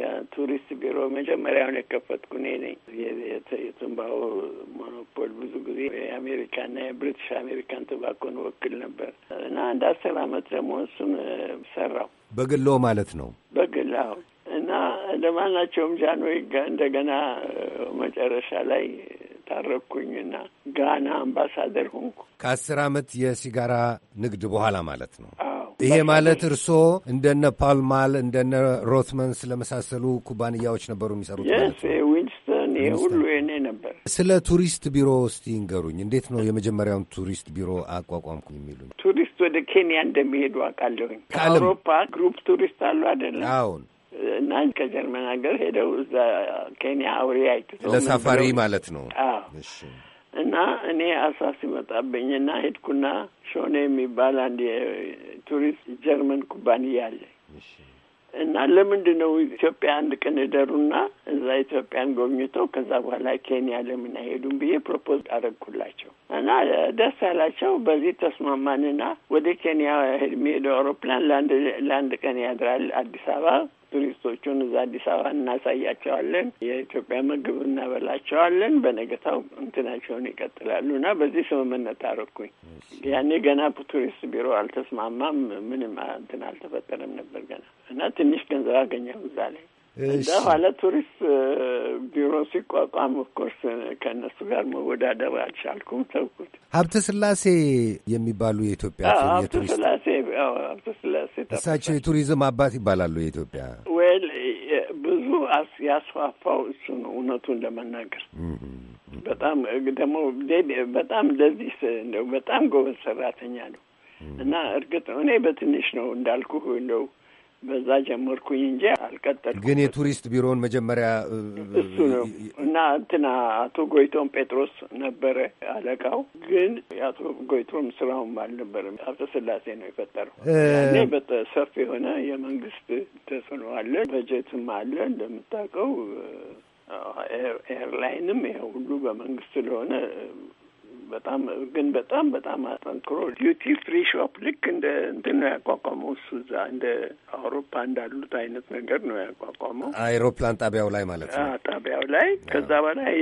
የቱሪስት ቢሮ መጀመሪያውን የከፈትኩ እኔ ነኝ። የትንባሆ ሞኖፖል ብዙ ጊዜ የአሜሪካና የብሪቲሽ አሜሪካን ትባኮን ወክል ነበር እና አንድ አስር አመት ደግሞ እሱን ሰራው በግሎ ማለት ነው በግል አሁን እና ለማናቸውም ጃንሆይ እንደገና መጨረሻ ላይ ታረኩኝና ጋና አምባሳደር ሆንኩ። ከአስር አመት የሲጋራ ንግድ በኋላ ማለት ነው። ይሄ ማለት እርስዎ እንደነ ፓልማል እንደነ ሮትመንስ ለመሳሰሉ ኩባንያዎች ነበሩ የሚሰሩት? ዊንስተን ሁሉ የኔ ነበር። ስለ ቱሪስት ቢሮ እስቲ ይንገሩኝ። እንዴት ነው የመጀመሪያውን ቱሪስት ቢሮ አቋቋምኩ የሚሉኝ? ቱሪስት ወደ ኬንያ እንደሚሄዱ አውቃለሁኝ። ከአውሮፓ ግሩፕ ቱሪስት አሉ አይደለም? አሁን እና ከጀርመን ሀገር ሄደው እዛ ኬንያ አውሬ አይት ለሳፋሪ ማለት ነው። እና እኔ አሳ ሲመጣብኝ እና ሄድኩና ሾኔ የሚባል አንድ የቱሪስት ጀርመን ኩባንያ አለ እና ለምንድን ነው ኢትዮጵያ አንድ ቀን እደሩና እዛ ኢትዮጵያን ጎብኝተው ከዛ በኋላ ኬንያ ለምን አይሄዱም ብዬ ፕሮፖዝ አደረግኩላቸው እና ደስ ያላቸው በዚህ ተስማማንና ወደ ኬንያ የሚሄደው አውሮፕላን ለአንድ ቀን ያድራል አዲስ አበባ ቱሪስቶቹን እዛ አዲስ አበባ እናሳያቸዋለን። የኢትዮጵያ ምግብ እናበላቸዋለን። በነገታው እንትናቸውን ይቀጥላሉ እና በዚህ ስምምነት አረኩኝ። ያኔ ገና ቱሪስት ቢሮ አልተስማማም። ምንም እንትን አልተፈጠረም ነበር ገና እና ትንሽ ገንዘብ አገኘሁ እዛ ላይ እንደ ኋላ ቱሪስት ቢሮ ሲቋቋም ኮርስ ከእነሱ ጋር መወዳደር አልቻልኩም፣ ተውኩት። ሀብተ ስላሴ የሚባሉ የኢትዮጵያ ሀብተስላሴ ሀብተስላሴ እሳቸው የቱሪዝም አባት ይባላሉ። የኢትዮጵያ ዌል ብዙ ያስፋፋው እሱ ነው። እውነቱን ለመናገር በጣም ደግሞ በጣም ለዚህ በጣም ጎበዝ ሰራተኛ ነው እና እርግጥ እኔ በትንሽ ነው እንዳልኩ እንደው በዛ ጀመርኩኝ እንጂ አልቀጠልኩም። ግን የቱሪስት ቢሮውን መጀመሪያ እሱ ነው እና እንትና አቶ ጎይቶም ጴጥሮስ ነበረ አለቃው። ግን የአቶ ጎይቶም ስራውም አልነበረም አብተ ስላሴ ነው የፈጠረው። ያኔ በሰፊ የሆነ የመንግስት ተጽዕኖ አለ፣ በጀትም አለ እንደምታውቀው ኤርላይንም ይሄ ሁሉ በመንግስት ስለሆነ በጣም ግን በጣም በጣም አጠንክሮ ዲዩቲ ፍሪ ሾፕ ልክ እንደ እንትን ነው ያቋቋመው እሱ እዛ እንደ አውሮፓ እንዳሉት አይነት ነገር ነው ያቋቋመው አይሮፕላን ጣቢያው ላይ ማለት ነው ጣቢያው ላይ ከዛ በላይ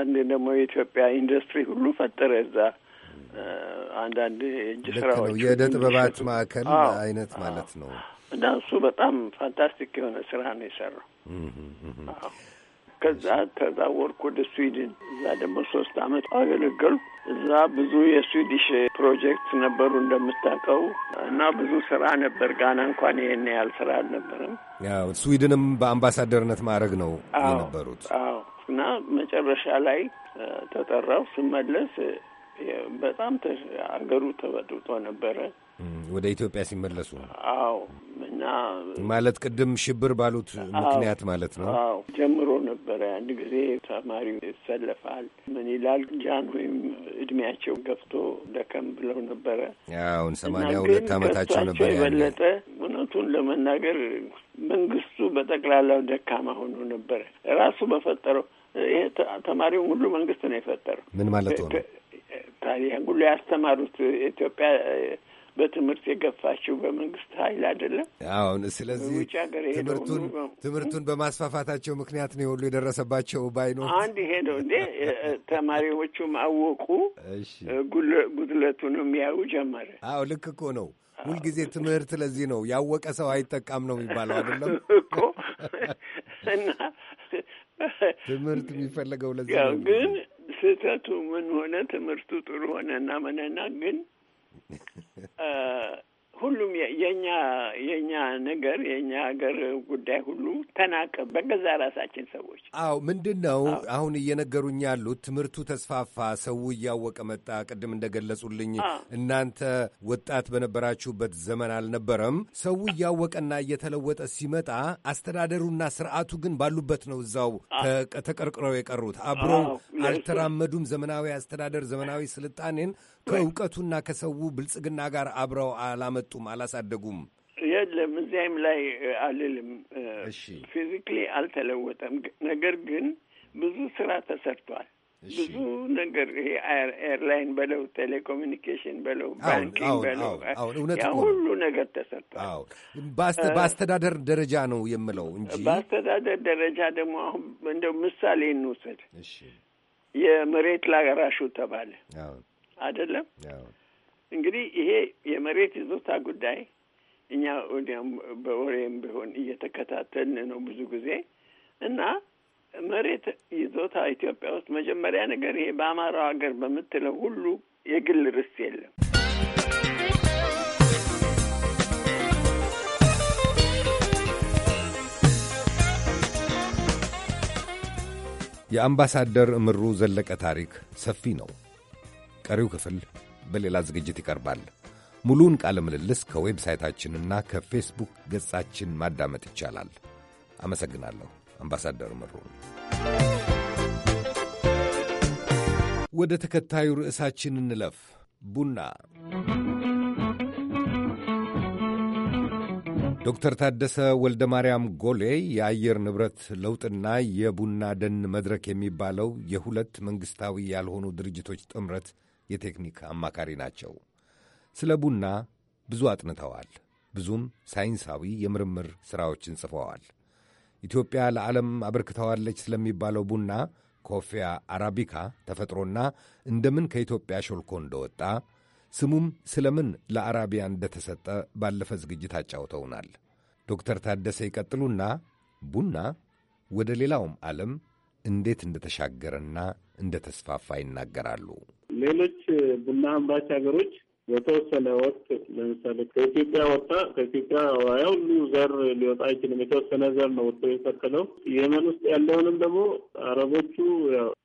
አንድ ደግሞ የኢትዮጵያ ኢንዱስትሪ ሁሉ ፈጠረ እዛ አንዳንድ የእጅ ስራዎች የእደ ጥበባት ማዕከል አይነት ማለት ነው እና እሱ በጣም ፋንታስቲክ የሆነ ስራ ነው የሰራው ከዛ ተዛወርኩ ወደ ስዊድን። እዛ ደግሞ ሶስት አመት አገለገልኩ። እዛ ብዙ የስዊዲሽ ፕሮጀክት ነበሩ እንደምታውቀው እና ብዙ ስራ ነበር። ጋና እንኳን ይህን ያህል ስራ አልነበረም። ያው ስዊድንም በአምባሳደርነት ማድረግ ነው የነበሩት። አዎ። እና መጨረሻ ላይ ተጠራው ስመለስ በጣም አገሩ ተበጥብጦ ነበረ። ወደ ኢትዮጵያ ሲመለሱ አዎ እና ማለት ቅድም ሽብር ባሉት ምክንያት ማለት ነው። አዎ ጀምሮ ነበረ። አንድ ጊዜ ተማሪው ይሰለፋል። ምን ይላል ጃን ወይም እድሜያቸው ገፍቶ ደከም ብለው ነበረ። አሁን ሰማንያ ሁለት ዓመታቸው ነበር። የበለጠ እውነቱን ለመናገር መንግስቱ በጠቅላላው ደካማ ሆኖ ነበረ ራሱ በፈጠረው ይሄ ተማሪውን ሁሉ መንግስት ነው የፈጠረው። ምን ማለት ሆነ ታዲያ ሁሉ ያስተማሩት ኢትዮጵያ በትምህርት የገፋችው በመንግስት ኃይል አይደለም። አሁን ስለዚህ ትምህርቱን ትምህርቱን በማስፋፋታቸው ምክንያት ነው ሁሉ የደረሰባቸው ባይኖር አንድ ይሄ ነው እንዴ ተማሪዎቹም አወቁ፣ ጉድለቱንም ያዩ ጀመረ። አዎ ልክ እኮ ነው። ሁልጊዜ ትምህርት ለዚህ ነው ያወቀ ሰው አይጠቃም ነው የሚባለው አይደለም እኮ እና ትምህርት የሚፈለገው ለዚህ ነው። ግን ስህተቱ ምን ሆነ? ትምህርቱ ጥሩ ሆነ እና መነና ግን ሁሉም የእኛ የእኛ ነገር የእኛ ሀገር ጉዳይ ሁሉ ተናቀ። በገዛ ራሳችን ሰዎች። አዎ ምንድን ነው አሁን እየነገሩኝ ያሉት ትምህርቱ ተስፋፋ፣ ሰው እያወቀ መጣ። ቅድም እንደገለጹልኝ እናንተ ወጣት በነበራችሁበት ዘመን አልነበረም። ሰው እያወቀና እየተለወጠ ሲመጣ አስተዳደሩና ስርዓቱ ግን ባሉበት ነው እዛው ተቀርቅረው የቀሩት። አብረው አልተራመዱም። ዘመናዊ አስተዳደር፣ ዘመናዊ ስልጣኔን ከእውቀቱና ከሰው ብልጽግና ጋር አብረው አላመጡም፣ አላሳደጉም። የለም እዚያም ላይ አልልም። ፊዚክሊ አልተለወጠም። ነገር ግን ብዙ ስራ ተሰርቷል። ብዙ ነገር ይሄ ኤርላይን በለው ቴሌኮሚኒኬሽን በለው ባንኪንግ በለው ሁሉ ነገር ተሰርቷል። በአስተዳደር ደረጃ ነው የምለው እንጂ በአስተዳደር ደረጃ ደግሞ አሁን እንደው ምሳሌ እንውሰድ። የመሬት ላራሹ ተባለ። አይደለም። እንግዲህ ይሄ የመሬት ይዞታ ጉዳይ እኛ ወዲያም በወሬም ቢሆን እየተከታተልን ነው ብዙ ጊዜ እና መሬት ይዞታ ኢትዮጵያ ውስጥ መጀመሪያ ነገር ይሄ በአማራው ሀገር በምትለው ሁሉ የግል ርስ የለም። የአምባሳደር እምሩ ዘለቀ ታሪክ ሰፊ ነው። ቀሪው ክፍል በሌላ ዝግጅት ይቀርባል። ሙሉውን ቃለ ምልልስ ከዌብሳይታችንና ከፌስቡክ ገጻችን ማዳመጥ ይቻላል። አመሰግናለሁ አምባሳደር ምሩን። ወደ ተከታዩ ርዕሳችን እንለፍ። ቡና ዶክተር ታደሰ ወልደ ማርያም ጎሌ የአየር ንብረት ለውጥና የቡና ደን መድረክ የሚባለው የሁለት መንግሥታዊ ያልሆኑ ድርጅቶች ጥምረት የቴክኒክ አማካሪ ናቸው። ስለ ቡና ብዙ አጥንተዋል። ብዙም ሳይንሳዊ የምርምር ሥራዎችን ጽፈዋል። ኢትዮጵያ ለዓለም አበርክተዋለች ስለሚባለው ቡና ኮፊያ አራቢካ ተፈጥሮና እንደምን ከኢትዮጵያ ሾልኮ እንደወጣ ስሙም ስለምን ለአራቢያ እንደተሰጠ ባለፈ ዝግጅት አጫውተውናል። ዶክተር ታደሰ ይቀጥሉና ቡና ወደ ሌላውም ዓለም እንዴት እንደተሻገረና እንደተስፋፋ ይናገራሉ። ሌሎች ቡና አምራች ሀገሮች በተወሰነ ወቅት ለምሳሌ ከኢትዮጵያ ወጣ ከኢትዮጵያ ያ ሁሉ ዘር ሊወጣ አይችልም። የተወሰነ ዘር ነው ወጥቶ የተከለው። የመን ውስጥ ያለውንም ደግሞ አረቦቹ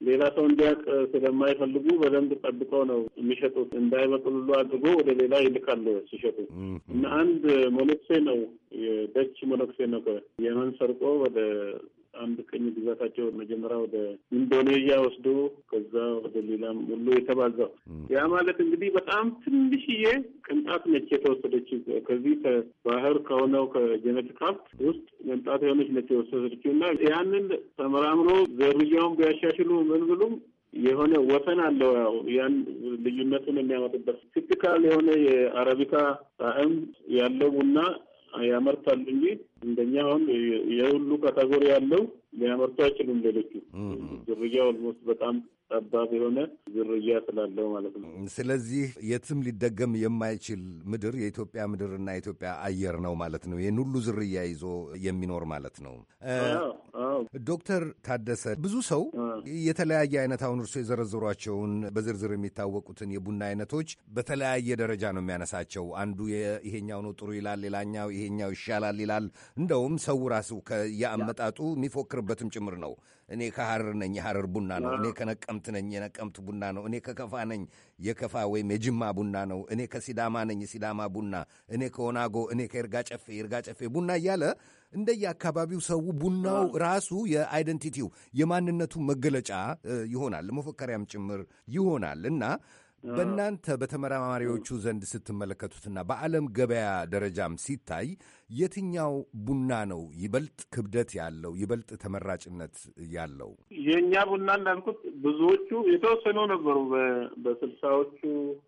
ሌላ ሰው እንዲያውቅ ስለማይፈልጉ በደንብ ጠብቀው ነው የሚሸጡት። እንዳይበቅሉሉ አድርጎ ወደ ሌላ ይልካሉ ሲሸጡ እና አንድ ሞኖክሴ ነው የደች ሞኖክሴ ነው የመን ሰርቆ ወደ አንድ ቀኝ ግዛታቸው መጀመሪያ ወደ ኢንዶኔዥያ ወስዶ ከዛ ወደ ሌላም ሁሉ የተባዛው ያ ማለት እንግዲህ በጣም ትንሽዬ ቅንጣት ነች የተወሰደች። ከዚህ ከባህር ከሆነው ከጀነቲክ ሀብት ውስጥ ቅንጣት የሆነች ነች የወሰደችው እና ያንን ተመራምሮ ዘርያውን ቢያሻሽሉ ምን ብሉም የሆነ ወሰን አለው። ያው ያን ልዩነቱን የሚያመጡበት ቲፒካል የሆነ የአረቢካ ጣዕም ያለው ቡና ያመርታል እንጂ እንደኛ አሁን የሁሉ ካታጎሪ ያለው ሊያመርቱ አይችሉም። ሌሎቹ ዝርያ ኦልሞስት በጣም ጠባብ የሆነ ዝርያ ስላለው ማለት ነው። ስለዚህ የትም ሊደገም የማይችል ምድር የኢትዮጵያ ምድርና የኢትዮጵያ አየር ነው ማለት ነው። ይህን ሁሉ ዝርያ ይዞ የሚኖር ማለት ነው። ዶክተር ታደሰ ብዙ ሰው የተለያየ አይነት አሁን እርሶ የዘረዘሯቸውን በዝርዝር የሚታወቁትን የቡና አይነቶች በተለያየ ደረጃ ነው የሚያነሳቸው። አንዱ ይሄኛው ነው ጥሩ ይላል፣ ሌላኛው ይሄኛው ይሻላል ይላል። እንደውም ሰው ራሱ የአመጣጡ የሚፎክርበትም ጭምር ነው። እኔ ከሐረር ነኝ የሐረር ቡና ነው፣ እኔ ከነቀምት ነኝ የነቀምት ቡና ነው፣ እኔ ከከፋ ነኝ የከፋ ወይም የጅማ ቡና ነው፣ እኔ ከሲዳማ ነኝ የሲዳማ ቡና፣ እኔ ከወናጎ፣ እኔ ከይርጋ ጨፌ የይርጋ ጨፌ ቡና እያለ እንደየአካባቢው ሰው ቡናው ራሱ የአይደንቲቲው የማንነቱ መገለጫ ይሆናል፣ ለመፎከሪያም ጭምር ይሆናል እና በእናንተ በተመራማሪዎቹ ዘንድ ስትመለከቱትና በዓለም ገበያ ደረጃም ሲታይ የትኛው ቡና ነው ይበልጥ ክብደት ያለው ይበልጥ ተመራጭነት ያለው? የእኛ ቡና እንዳልኩት ብዙዎቹ የተወሰኑ ነበሩ። በስልሳዎቹ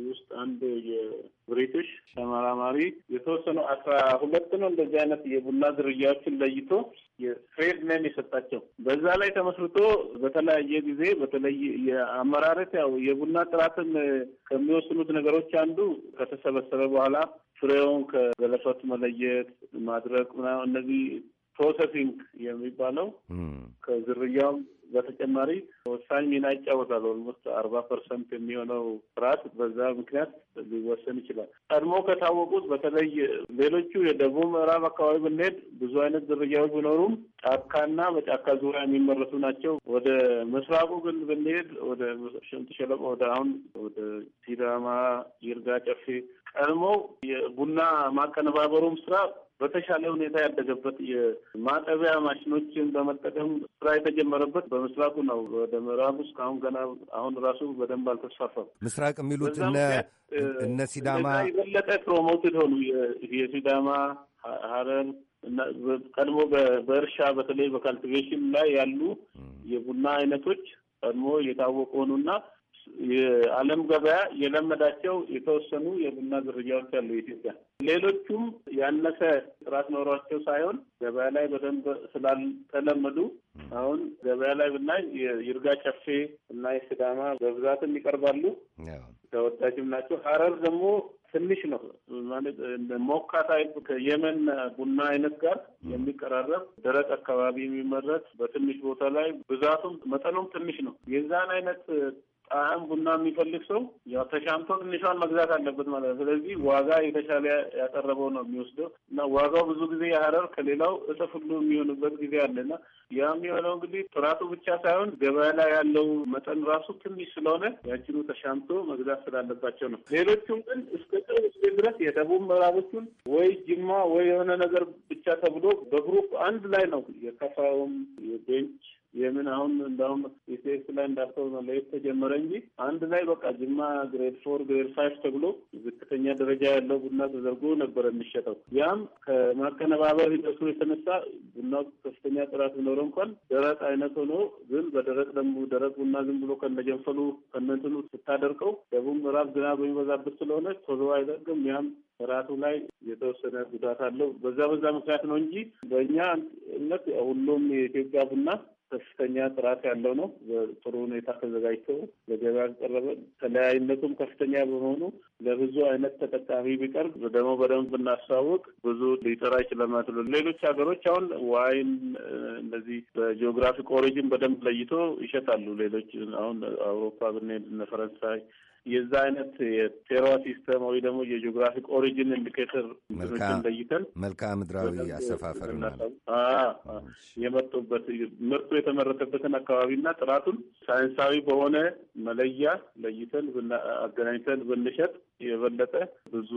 ውስጥ አንድ የብሪትሽ ተመራማሪ የተወሰኑ አስራ ሁለት ነው እንደዚህ አይነት የቡና ዝርያዎችን ለይቶ የትሬድ ኔም የሰጣቸው በዛ ላይ ተመስርቶ በተለያየ ጊዜ በተለይ የአመራረት ያው የቡና ጥራትን ከሚወስኑት ነገሮች አንዱ ከተሰበሰበ በኋላ ፍሬውን ከገለፈቱ መለየት ማድረግ ምናምን እነዚህ ፕሮሰሲንግ የሚባለው ከዝርያውም በተጨማሪ ወሳኝ ሚና ይጫወታል። ኦልሞስት አርባ ፐርሰንት የሚሆነው ስርዓት በዛ ምክንያት ሊወሰን ይችላል። ቀድሞ ከታወቁት በተለይ ሌሎቹ የደቡብ ምዕራብ አካባቢ ብንሄድ ብዙ አይነት ዝርያዎች ቢኖሩም ጫካና በጫካ ዙሪያ የሚመረቱ ናቸው። ወደ ምስራቁ ግን ብንሄድ ወደ ሽምጥ ሸለቆ ወደ አሁን ወደ ሲዳማ፣ ይርጋ ጨፌ ቀድሞው የቡና ማቀነባበሩም ስራ በተሻለ ሁኔታ ያደገበት የማጠቢያ ማሽኖችን በመጠቀም ስራ የተጀመረበት በምስራቁ ነው። ወደ ምዕራቡ እስካሁን ገና አሁን ራሱ በደንብ አልተስፋፋም። ምስራቅ የሚሉት እነ ሲዳማ የበለጠ ፕሮሞትድ ሆኑ። የሲዳማ ሀረር ቀድሞ በእርሻ በተለይ በካልቲቬሽን ላይ ያሉ የቡና አይነቶች ቀድሞ የታወቁ ሆኑና የዓለም ገበያ የለመዳቸው የተወሰኑ የቡና ዝርያዎች አሉ ኢትዮጵያ። ሌሎቹም ያነሰ ጥራት ኖሯቸው ሳይሆን ገበያ ላይ በደንብ ስላልተለመዱ አሁን ገበያ ላይ ብናይ የይርጋ ጨፌ እና የስዳማ በብዛትም ይቀርባሉ፣ ተወዳጅም ናቸው። ሀረር ደግሞ ትንሽ ነው ማለት ሞካ ታይፕ ከየመን ቡና አይነት ጋር የሚቀራረብ ደረቅ አካባቢ የሚመረት በትንሽ ቦታ ላይ ብዛቱም መጠኑም ትንሽ ነው። የዛን አይነት ጣም ቡና የሚፈልግ ሰው ያው ተሻምቶ ትንሿን መግዛት አለበት ማለት ነው። ስለዚህ ዋጋ የተሻለ ያቀረበው ነው የሚወስደው እና ዋጋው ብዙ ጊዜ የሀረር ከሌላው እጥፍ ሁሉ የሚሆንበት ጊዜ አለና ያ የሚሆነው እንግዲህ ጥራቱ ብቻ ሳይሆን ገበያ ላይ ያለው መጠን ራሱ ትንሽ ስለሆነ ያችኑ ተሻምቶ መግዛት ስላለባቸው ነው። ሌሎቹም ግን እስከ ጊዜ ድረስ የደቡብ ምዕራቦቹን ወይ ጅማ ወይ የሆነ ነገር ብቻ ተብሎ በግሩፕ አንድ ላይ ነው የከፋውም የቤንች የምን አሁን እንዳሁም ኢሲኤስ ላይ እንዳልከው መለየት ተጀመረ እንጂ አንድ ላይ በቃ ጅማ ግሬድ ፎር ግሬድ ፋይቭ ተብሎ ዝቅተኛ ደረጃ ያለው ቡና ተዘርጎ ነበረ የሚሸጠው። ያም ከማቀነባበር ሂደቱ የተነሳ ቡናው ከፍተኛ ጥራት ቢኖረው እንኳን ደረቅ አይነት ሆኖ ግን በደረቅ ደግሞ ደረቅ ቡና ዝም ብሎ ከነጀንፈሉ ከነንትኑ ስታደርቀው ደቡብ ምዕራብ ዝናብ የሚበዛበት ስለሆነ ቶሎ አይጠቅም። ያም ጥራቱ ላይ የተወሰነ ጉዳት አለው። በዛ በዛ ምክንያት ነው እንጂ በእኛ እምነት ሁሉም የኢትዮጵያ ቡና ከፍተኛ ጥራት ያለው ነው። በጥሩ ሁኔታ ተዘጋጅቶ ለገበያ ቀረበ። ተለያይነቱም ከፍተኛ በመሆኑ ለብዙ አይነት ተጠቃሚ ቢቀርብ ደግሞ በደንብ ብናስተዋውቅ ብዙ ሊጠራ ይችላል ሌሎች ሀገሮች አሁን ዋይን እንደዚህ በጂኦግራፊክ ኦሪጅን በደንብ ለይቶ ይሸጣሉ። ሌሎች አሁን አውሮፓ ብንሄድ እነ ፈረንሳይ የዛ አይነት የቴራ ሲስተም ወይ ደግሞ የጂኦግራፊክ ኦሪጂን ኢንዲኬተር እንትኖችን ለይተን መልክዓ ምድራዊ አሰፋፈር የመጡበት ምርቱ የተመረተበትን አካባቢና ጥራቱን ሳይንሳዊ በሆነ መለያ ለይተን አገናኝተን ብንሸጥ የበለጠ ብዙ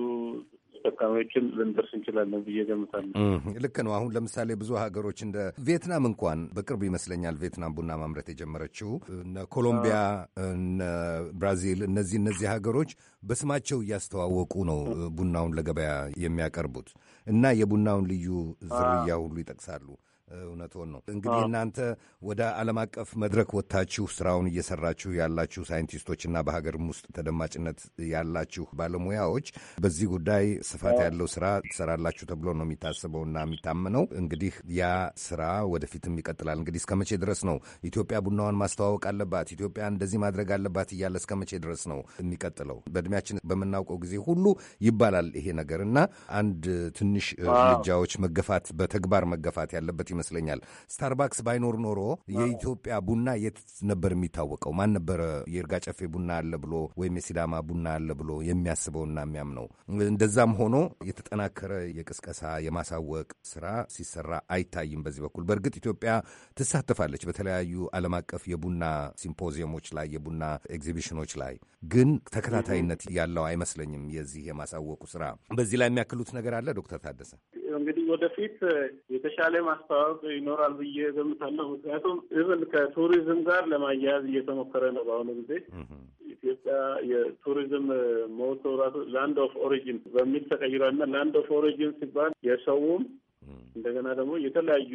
ተጠቃሚዎችን ልንደርስ እንችላለን ብዬ ገምታለሁ። ልክ ነው። አሁን ለምሳሌ ብዙ ሀገሮች እንደ ቪየትናም እንኳን በቅርብ ይመስለኛል ቪየትናም ቡና ማምረት የጀመረችው እነ ኮሎምቢያ፣ እነ ብራዚል እነዚህ እነዚህ ሀገሮች በስማቸው እያስተዋወቁ ነው ቡናውን ለገበያ የሚያቀርቡት እና የቡናውን ልዩ ዝርያ ሁሉ ይጠቅሳሉ። እውነትዎን ነው። እንግዲህ እናንተ ወደ ዓለም አቀፍ መድረክ ወጥታችሁ ስራውን እየሰራችሁ ያላችሁ ሳይንቲስቶችና በሀገርም ውስጥ ተደማጭነት ያላችሁ ባለሙያዎች በዚህ ጉዳይ ስፋት ያለው ስራ ትሰራላችሁ ተብሎ ነው የሚታስበውና የሚታምነው። እንግዲህ ያ ስራ ወደፊትም ይቀጥላል። እንግዲህ እስከ መቼ ድረስ ነው ኢትዮጵያ ቡናዋን ማስተዋወቅ አለባት፣ ኢትዮጵያ እንደዚህ ማድረግ አለባት እያለ እስከ መቼ ድረስ ነው የሚቀጥለው? በእድሜያችን በምናውቀው ጊዜ ሁሉ ይባላል ይሄ ነገር እና አንድ ትንሽ እርምጃዎች መገፋት በተግባር መገፋት ያለበት ይመስላል። ይመስለኛል። ስታርባክስ ባይኖር ኖሮ የኢትዮጵያ ቡና የት ነበር የሚታወቀው? ማን ነበረ የእርጋ ጨፌ ቡና አለ ብሎ ወይም የሲዳማ ቡና አለ ብሎ የሚያስበውና የሚያምነው? እንደዛም ሆኖ የተጠናከረ የቅስቀሳ የማሳወቅ ስራ ሲሰራ አይታይም። በዚህ በኩል በእርግጥ ኢትዮጵያ ትሳተፋለች በተለያዩ ዓለም አቀፍ የቡና ሲምፖዚየሞች ላይ የቡና ኤግዚቢሽኖች ላይ ግን ተከታታይነት ያለው አይመስለኝም የዚህ የማሳወቁ ስራ። በዚህ ላይ የሚያክሉት ነገር አለ ዶክተር ታደሰ? ወደፊት የተሻለ ማስተዋወቅ ይኖራል ብዬ ገምታለሁ። ምክንያቱም እብን ከቱሪዝም ጋር ለማያያዝ እየተሞከረ ነው በአሁኑ ጊዜ ኢትዮጵያ የቱሪዝም ሞቶ ራሱ ላንድ ኦፍ ኦሪጂን በሚል ተቀይሯል እና ላንድ ኦፍ ኦሪጂን ሲባል የሰውም እንደገና ደግሞ የተለያዩ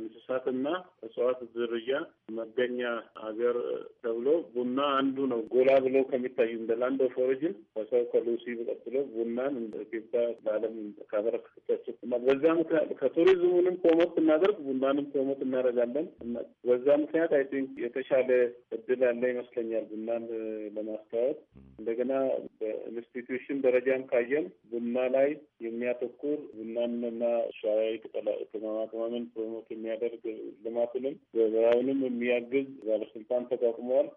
እንስሳትና እጽዋት ዝርያ መገኛ ሀገር ተብሎ ቡና አንዱ ነው። ጎላ ብሎ ከሚታዩ እንደ ላንድ ኦፍ ኦሪጅን ከሰው ከሉሲ ቀጥሎ ቡናን ኢትዮጵያ ለዓለም ካበረከተቻቸው እና በዛ ምክንያት ከቱሪዝሙንም ፕሮሞት እናደርግ ቡናንም ፕሮሞት እናደርጋለን። በዛ ምክንያት አይ ቲንክ የተሻለ እድል ያለ ይመስለኛል ቡናን ለማስተዋወቅ። እንደገና በኢንስቲትዩሽን ደረጃም ካየን ቡና ላይ የሚያተኩር ቡናንና ሻይ ቅጠላ ቅመማ ቅመምን ፕሮሞት የሚያ የሚያደርግ ልማትንም ገበያውንም የሚያግዝ ባለስልጣን ተቋቁመዋል።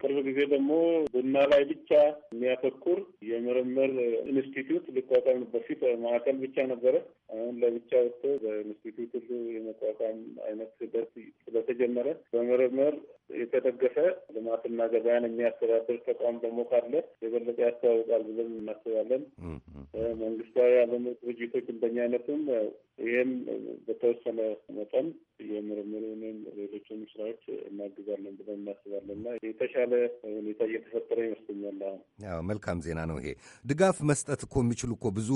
ቅርብ ጊዜ ደግሞ ቡና ላይ ብቻ የሚያተኩር የምርምር ኢንስቲትዩት ሊቋቋም በፊት ማዕከል ብቻ ነበረ። አሁን ለብቻ ወጥቶ በኢንስቲትዩት ሁሉ የመቋቋም አይነት ሂደት ስለተጀመረ በምርምር የተደገፈ ልማትና ገበያን የሚያስተዳድር ተቋም ደግሞ ካለ የበለጠ ያስተዋውቃል ብለን እናስባለን። መንግስታዊ ያልሆኑ ድርጅቶች እንደኛ አይነቱም የተሻለ ሁኔታ እየተፈጠረ ይመስለኛል። መልካም ዜና ነው ይሄ። ድጋፍ መስጠት እኮ የሚችሉ እኮ ብዙ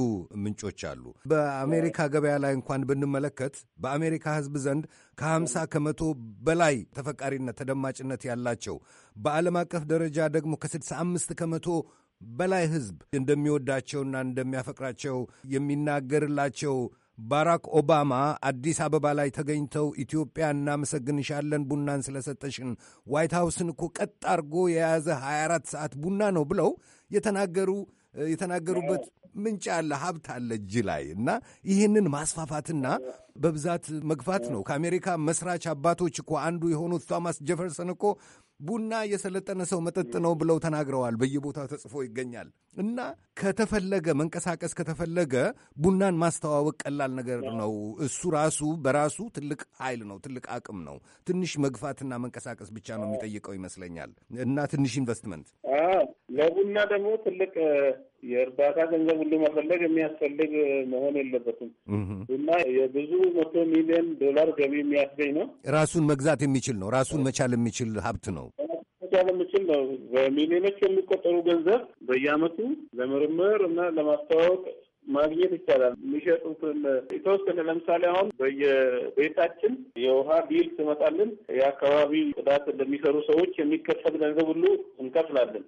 ምንጮች አሉ። በአሜሪካ ገበያ ላይ እንኳን ብንመለከት በአሜሪካ ሕዝብ ዘንድ ከሀምሳ ከመቶ በላይ ተፈቃሪነት ተደማጭነት ያላቸው በዓለም አቀፍ ደረጃ ደግሞ ከስድሳ አምስት ከመቶ በላይ ሕዝብ እንደሚወዳቸውና እንደሚያፈቅራቸው የሚናገርላቸው ባራክ ኦባማ አዲስ አበባ ላይ ተገኝተው ኢትዮጵያ እናመሰግንሻለን ቡናን ስለሰጠሽን ዋይት ሀውስን እኮ ቀጥ አድርጎ የያዘ 24 ሰዓት ቡና ነው ብለው የተናገሩ የተናገሩበት ምንጭ አለ፣ ሀብት አለ እጅ ላይ እና ይህንን ማስፋፋትና በብዛት መግፋት ነው። ከአሜሪካ መስራች አባቶች እኮ አንዱ የሆኑት ቶማስ ጀፈርሰን እኮ ቡና የሰለጠነ ሰው መጠጥ ነው ብለው ተናግረዋል። በየቦታው ተጽፎ ይገኛል። እና ከተፈለገ መንቀሳቀስ ከተፈለገ ቡናን ማስተዋወቅ ቀላል ነገር ነው። እሱ ራሱ በራሱ ትልቅ ኃይል ነው፣ ትልቅ አቅም ነው። ትንሽ መግፋትና መንቀሳቀስ ብቻ ነው የሚጠይቀው ይመስለኛል። እና ትንሽ ኢንቨስትመንት ለቡና ደግሞ ትልቅ የእርዳታ ገንዘብ ሁሉ መፈለግ የሚያስፈልግ መሆን የለበትም እና የብዙ መቶ ሚሊዮን ዶላር ገቢ የሚያስገኝ ነው። ራሱን መግዛት የሚችል ነው። ራሱን መቻል የሚችል ሀብት ነው። መቻል የሚችል ነው። በሚሊዮኖች የሚቆጠሩ ገንዘብ በየአመቱ ለምርምር እና ለማስተዋወቅ ማግኘት ይቻላል። የሚሸጡትን የተወሰነ ለምሳሌ አሁን በየቤታችን የውሃ ቢል ትመጣልን የአካባቢ ጽዳት ለሚሰሩ ሰዎች የሚከፈል ገንዘብ ሁሉ እንከፍላለን።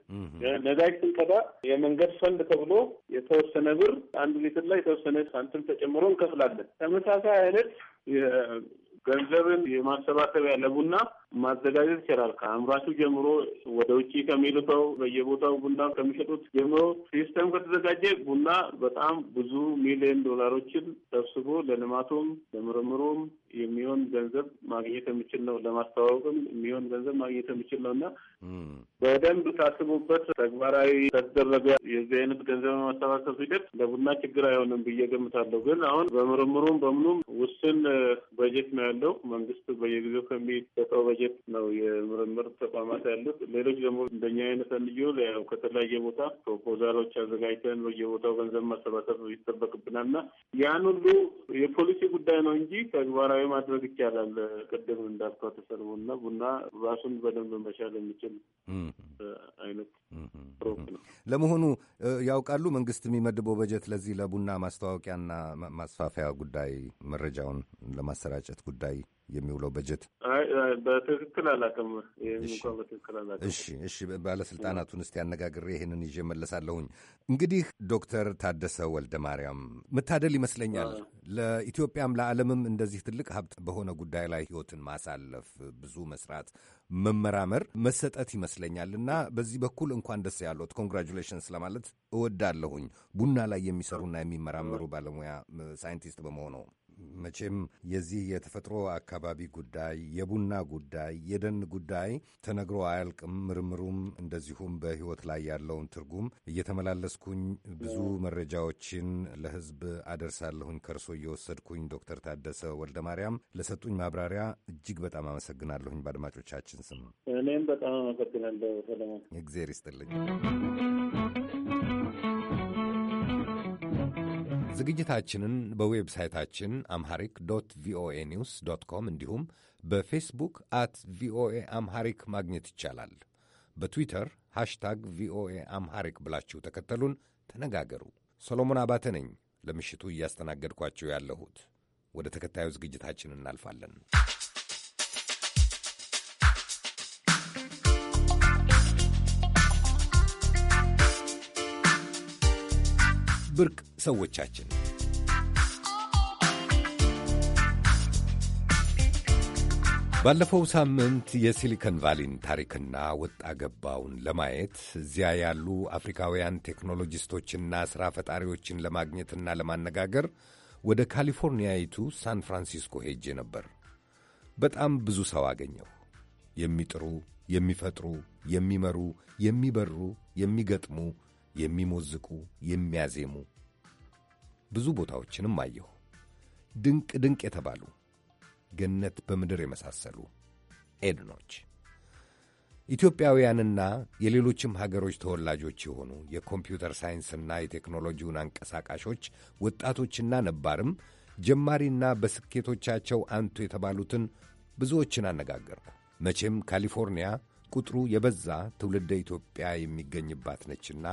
ነዳጅ ስንቀዳ የመንገድ ፈንድ ተብሎ የተወሰነ ብር አንድ ሊትር ላይ የተወሰነ ሳንቲም ተጨምሮ እንከፍላለን። ተመሳሳይ አይነት ገንዘብን የማሰባሰቢያ ለቡና ማዘጋጀት ይችላል። ከአምራቹ ጀምሮ ወደ ውጭ ከሚልከው በየቦታው ቡና ከሚሸጡት ጀምሮ ሲስተም ከተዘጋጀ ቡና በጣም ብዙ ሚሊዮን ዶላሮችን ሰብስቦ ለልማቱም ለምርምሩም የሚሆን ገንዘብ ማግኘት የሚችል ነው። ለማስተዋወቅም የሚሆን ገንዘብ ማግኘት የሚችል ነው እና በደንብ ታስቡበት ተግባራዊ ከተደረገ የዚህ አይነት ገንዘብ ማሰባሰብ ሂደት ለቡና ችግር አይሆንም ብዬ ገምታለሁ። ግን አሁን በምርምሩም በምኑም ውስን በጀት ነው ያለው። መንግስት በየጊዜው ከሚሰጠው በጀት ነው የምርምር ተቋማት ያሉት። ሌሎች ደግሞ እንደኛ አይነት እንዩ ያው ከተለያየ ቦታ ፕሮፖዛሎች አዘጋጅተን በየቦታው ገንዘብ ማሰባሰብ ይጠበቅብናል እና ያን ሁሉ የፖሊሲ ጉዳይ ነው እንጂ ተግባራዊ ተፈጥሯዊ ማድረግ ይቻላል። ቅድም እንዳልከው ተሰልቦና ቡና ራሱን በደንብ መቻል የሚችል አይነት ሮክ ነው። ለመሆኑ ያውቃሉ መንግስት የሚመድበው በጀት ለዚህ ለቡና ማስታወቂያና ማስፋፊያ ጉዳይ መረጃውን ለማሰራጨት ጉዳይ የሚውለው በጀት? በትክክል አላውቅም። ይህን በትክክል አላውቅም። እሺ፣ እሺ። ባለስልጣናቱን እስቲ አነጋግሬ ይህንን ይዤ መለሳለሁኝ። እንግዲህ ዶክተር ታደሰ ወልደ ማርያም መታደል ይመስለኛል ለኢትዮጵያም ለዓለምም እንደዚህ ትልቅ ሀብት በሆነ ጉዳይ ላይ ህይወትን ማሳለፍ፣ ብዙ መስራት፣ መመራመር፣ መሰጠት ይመስለኛል እና በዚህ በኩል እንኳን ደስ ያለት ኮንግራጁሌሽንስ ለማለት እወዳለሁኝ ቡና ላይ የሚሰሩና የሚመራመሩ ባለሙያ ሳይንቲስት በመሆነው መቼም የዚህ የተፈጥሮ አካባቢ ጉዳይ፣ የቡና ጉዳይ፣ የደን ጉዳይ ተነግሮ አያልቅም። ምርምሩም እንደዚሁም በሕይወት ላይ ያለውን ትርጉም እየተመላለስኩኝ ብዙ መረጃዎችን ለሕዝብ አደርሳለሁኝ ከእርሶ እየወሰድኩኝ። ዶክተር ታደሰ ወልደ ማርያም ለሰጡኝ ማብራሪያ እጅግ በጣም አመሰግናለሁኝ በአድማጮቻችን ስም። እኔም በጣም አመሰግናለሁ ሰለሞን፣ እግዜር ይስጥልኝ። ዝግጅታችንን በዌብሳይታችን አምሃሪክ ዶት ቪኦኤ ኒውስ ዶት ኮም እንዲሁም በፌስቡክ አት ቪኦኤ አምሃሪክ ማግኘት ይቻላል። በትዊተር ሃሽታግ ቪኦኤ አምሃሪክ ብላችሁ ተከተሉን፣ ተነጋገሩ። ሰሎሞን አባተ ነኝ ለምሽቱ እያስተናገድኳቸው ያለሁት። ወደ ተከታዩ ዝግጅታችን እናልፋለን። ብርቅ ሰዎቻችን ባለፈው ሳምንት የሲሊከን ቫሊን ታሪክና ወጣ ገባውን ለማየት እዚያ ያሉ አፍሪካውያን ቴክኖሎጂስቶችና ሥራ ፈጣሪዎችን ለማግኘትና ለማነጋገር ወደ ካሊፎርኒያይቱ ሳን ፍራንሲስኮ ሄጄ ነበር። በጣም ብዙ ሰው አገኘሁ። የሚጥሩ፣ የሚፈጥሩ፣ የሚመሩ፣ የሚበሩ፣ የሚገጥሙ የሚሞዝቁ፣ የሚያዜሙ ብዙ ቦታዎችንም አየሁ። ድንቅ ድንቅ የተባሉ ገነት በምድር የመሳሰሉ ኤድኖች ኢትዮጵያውያንና የሌሎችም ሀገሮች ተወላጆች የሆኑ የኮምፒውተር ሳይንስና የቴክኖሎጂውን አንቀሳቃሾች ወጣቶችና ነባርም ጀማሪና በስኬቶቻቸው አንቱ የተባሉትን ብዙዎችን አነጋገርኩ። መቼም ካሊፎርኒያ ቁጥሩ የበዛ ትውልደ ኢትዮጵያ የሚገኝባት ነችና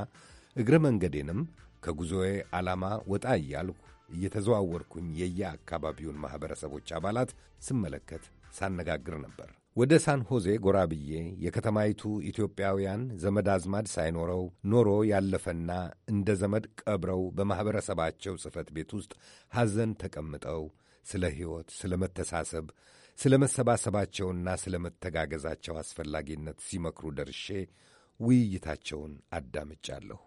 እግረ መንገዴንም ከጉዞዬ ዓላማ ወጣ እያልሁ እየተዘዋወርኩኝ የየ አካባቢውን ማኅበረሰቦች አባላት ስመለከት ሳነጋግር ነበር። ወደ ሳን ሆዜ ጎራ ብዬ የከተማይቱ ኢትዮጵያውያን ዘመድ አዝማድ ሳይኖረው ኖሮ ያለፈና እንደ ዘመድ ቀብረው በማኅበረሰባቸው ጽሕፈት ቤት ውስጥ ሐዘን ተቀምጠው ስለ ሕይወት፣ ስለ መተሳሰብ፣ ስለ መሰባሰባቸውና ስለ መተጋገዛቸው አስፈላጊነት ሲመክሩ ደርሼ ውይይታቸውን አዳምጫለሁ።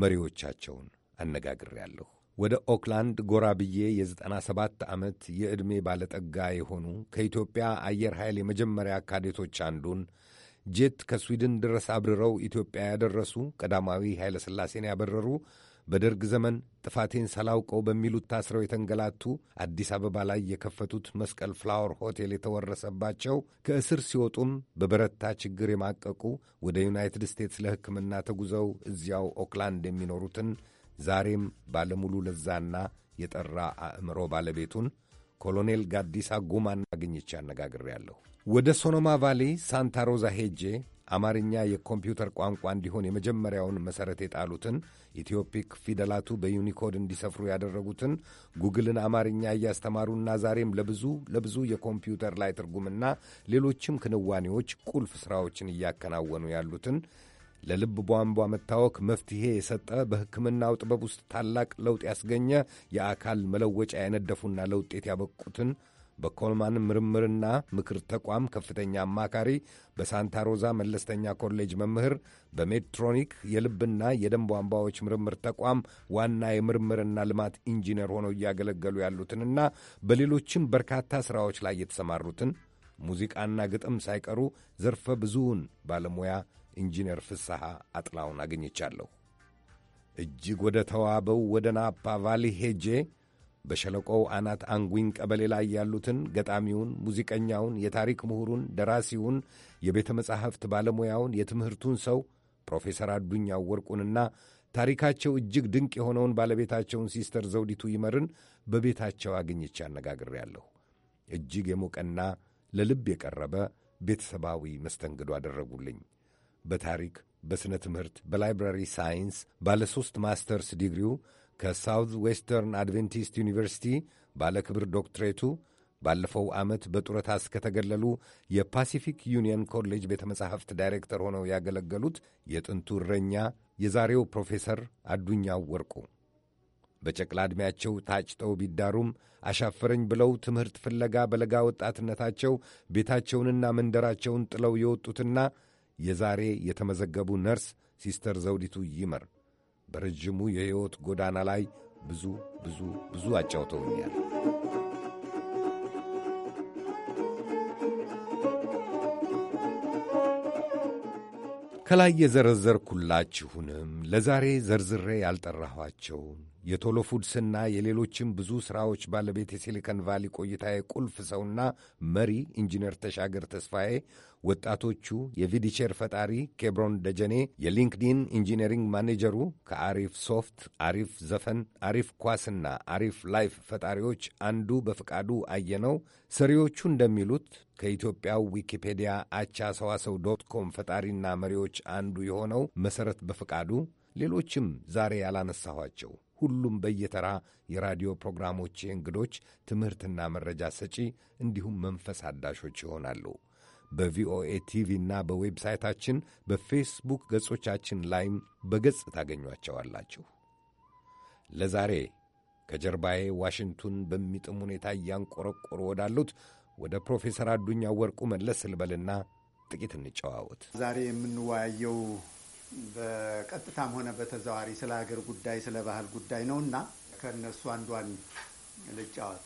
መሪዎቻቸውን አነጋግሬያለሁ። ወደ ኦክላንድ ጎራ ብዬ የ97 ዓመት የዕድሜ ባለጠጋ የሆኑ ከኢትዮጵያ አየር ኃይል የመጀመሪያ ካዴቶች አንዱን ጄት ከስዊድን ድረስ አብርረው ኢትዮጵያ ያደረሱ ቀዳማዊ ኃይለ ሥላሴን ያበረሩ በደርግ ዘመን ጥፋቴን ሳላውቀው በሚሉት ታስረው የተንገላቱ አዲስ አበባ ላይ የከፈቱት መስቀል ፍላወር ሆቴል የተወረሰባቸው ከእስር ሲወጡም በበረታ ችግር የማቀቁ ወደ ዩናይትድ ስቴትስ ለሕክምና ተጉዘው እዚያው ኦክላንድ የሚኖሩትን ዛሬም ባለሙሉ ለዛና የጠራ አእምሮ ባለቤቱን ኮሎኔል ጋዲሳ ጉማን አግኝቼ አነጋግሬያለሁ። ወደ ሶኖማ ቫሊ ሳንታ ሮዛ ሄጄ አማርኛ የኮምፒውተር ቋንቋ እንዲሆን የመጀመሪያውን መሠረት የጣሉትን ኢትዮፒክ ፊደላቱ በዩኒኮድ እንዲሰፍሩ ያደረጉትን ጉግልን አማርኛ እያስተማሩና ዛሬም ለብዙ ለብዙ የኮምፒውተር ላይ ትርጉምና ሌሎችም ክንዋኔዎች ቁልፍ ሥራዎችን እያከናወኑ ያሉትን ለልብ ቧንቧ መታወክ መፍትሄ የሰጠ በሕክምናው ጥበብ ውስጥ ታላቅ ለውጥ ያስገኘ የአካል መለወጫ የነደፉና ለውጤት ያበቁትን በኮልማን ምርምርና ምክር ተቋም ከፍተኛ አማካሪ፣ በሳንታ ሮዛ መለስተኛ ኮሌጅ መምህር፣ በሜድትሮኒክ የልብና የደም ቧንቧዎች ምርምር ተቋም ዋና የምርምርና ልማት ኢንጂነር ሆነው እያገለገሉ ያሉትንና በሌሎችም በርካታ ሥራዎች ላይ የተሰማሩትን ሙዚቃና ግጥም ሳይቀሩ ዘርፈ ብዙውን ባለሙያ ኢንጂነር ፍስሐ አጥላውን አግኝቻለሁ። እጅግ ወደ ተዋበው ወደ ናፓ ቫሊ ሄጄ በሸለቆው አናት አንጉኝ ቀበሌ ላይ ያሉትን ገጣሚውን፣ ሙዚቀኛውን፣ የታሪክ ምሁሩን፣ ደራሲውን፣ የቤተ መጻሕፍት ባለሙያውን፣ የትምህርቱን ሰው ፕሮፌሰር አዱኛው ወርቁንና ታሪካቸው እጅግ ድንቅ የሆነውን ባለቤታቸውን ሲስተር ዘውዲቱ ይመርን በቤታቸው አግኝቼ ያለሁ እጅግ የሞቀና ለልብ የቀረበ ቤተሰባዊ መስተንግዶ አደረጉልኝ። በታሪክ፣ በሥነ ትምህርት፣ በላይብራሪ ሳይንስ ሦስት ማስተርስ ዲግሪው ከሳውዝ ዌስተርን አድቬንቲስት ዩኒቨርሲቲ ባለክብር ዶክትሬቱ ባለፈው ዓመት በጡረታ እስከተገለሉ የፓሲፊክ ዩኒየን ኮሌጅ ቤተ መጻሕፍት ዳይሬክተር ሆነው ያገለገሉት የጥንቱ እረኛ የዛሬው ፕሮፌሰር አዱኛው ወርቁ በጨቅላ ዕድሜያቸው ታጭተው ቢዳሩም አሻፈረኝ ብለው ትምህርት ፍለጋ በለጋ ወጣትነታቸው ቤታቸውንና መንደራቸውን ጥለው የወጡትና የዛሬ የተመዘገቡ ነርስ ሲስተር ዘውዲቱ ይመር በረጅሙ የሕይወት ጎዳና ላይ ብዙ ብዙ ብዙ አጫውተውኛል። ከላይ የዘረዘርኩላችሁንም ለዛሬ ዘርዝሬ ያልጠራኋቸውን የቶሎ ፉድስና የሌሎችም ብዙ ሥራዎች ባለቤት የሲሊከን ቫሊ ቆይታዬ ቁልፍ ሰውና መሪ ኢንጂነር ተሻገር ተስፋዬ ወጣቶቹ የቪዲቸር ፈጣሪ ኬብሮን ደጀኔ፣ የሊንክዲን ኢንጂነሪንግ ማኔጀሩ ከአሪፍ ሶፍት፣ አሪፍ ዘፈን፣ አሪፍ ኳስና አሪፍ ላይፍ ፈጣሪዎች አንዱ በፍቃዱ አየነው፣ ሰሪዎቹ እንደሚሉት ከኢትዮጵያው ዊኪፔዲያ አቻ ሰዋሰው ዶት ኮም ፈጣሪና መሪዎች አንዱ የሆነው መሠረት በፍቃዱ፣ ሌሎችም ዛሬ ያላነሳኋቸው ሁሉም በየተራ የራዲዮ ፕሮግራሞቼ እንግዶች፣ ትምህርትና መረጃ ሰጪ እንዲሁም መንፈስ አዳሾች ይሆናሉ። በቪኦኤ ቲቪ እና በዌብሳይታችን በፌስቡክ ገጾቻችን ላይም በገጽ ታገኟቸዋላችሁ። ለዛሬ ከጀርባዬ ዋሽንቱን በሚጥም ሁኔታ እያንቆረቆሩ ወዳሉት ወደ ፕሮፌሰር አዱኛ ወርቁ መለስ ስልበልና ጥቂት እንጨዋወት። ዛሬ የምንወያየው በቀጥታም ሆነ በተዘዋዋሪ ስለ ሀገር ጉዳይ፣ ስለ ባህል ጉዳይ ነው እና ከእነሱ አንዷን ልጫወት።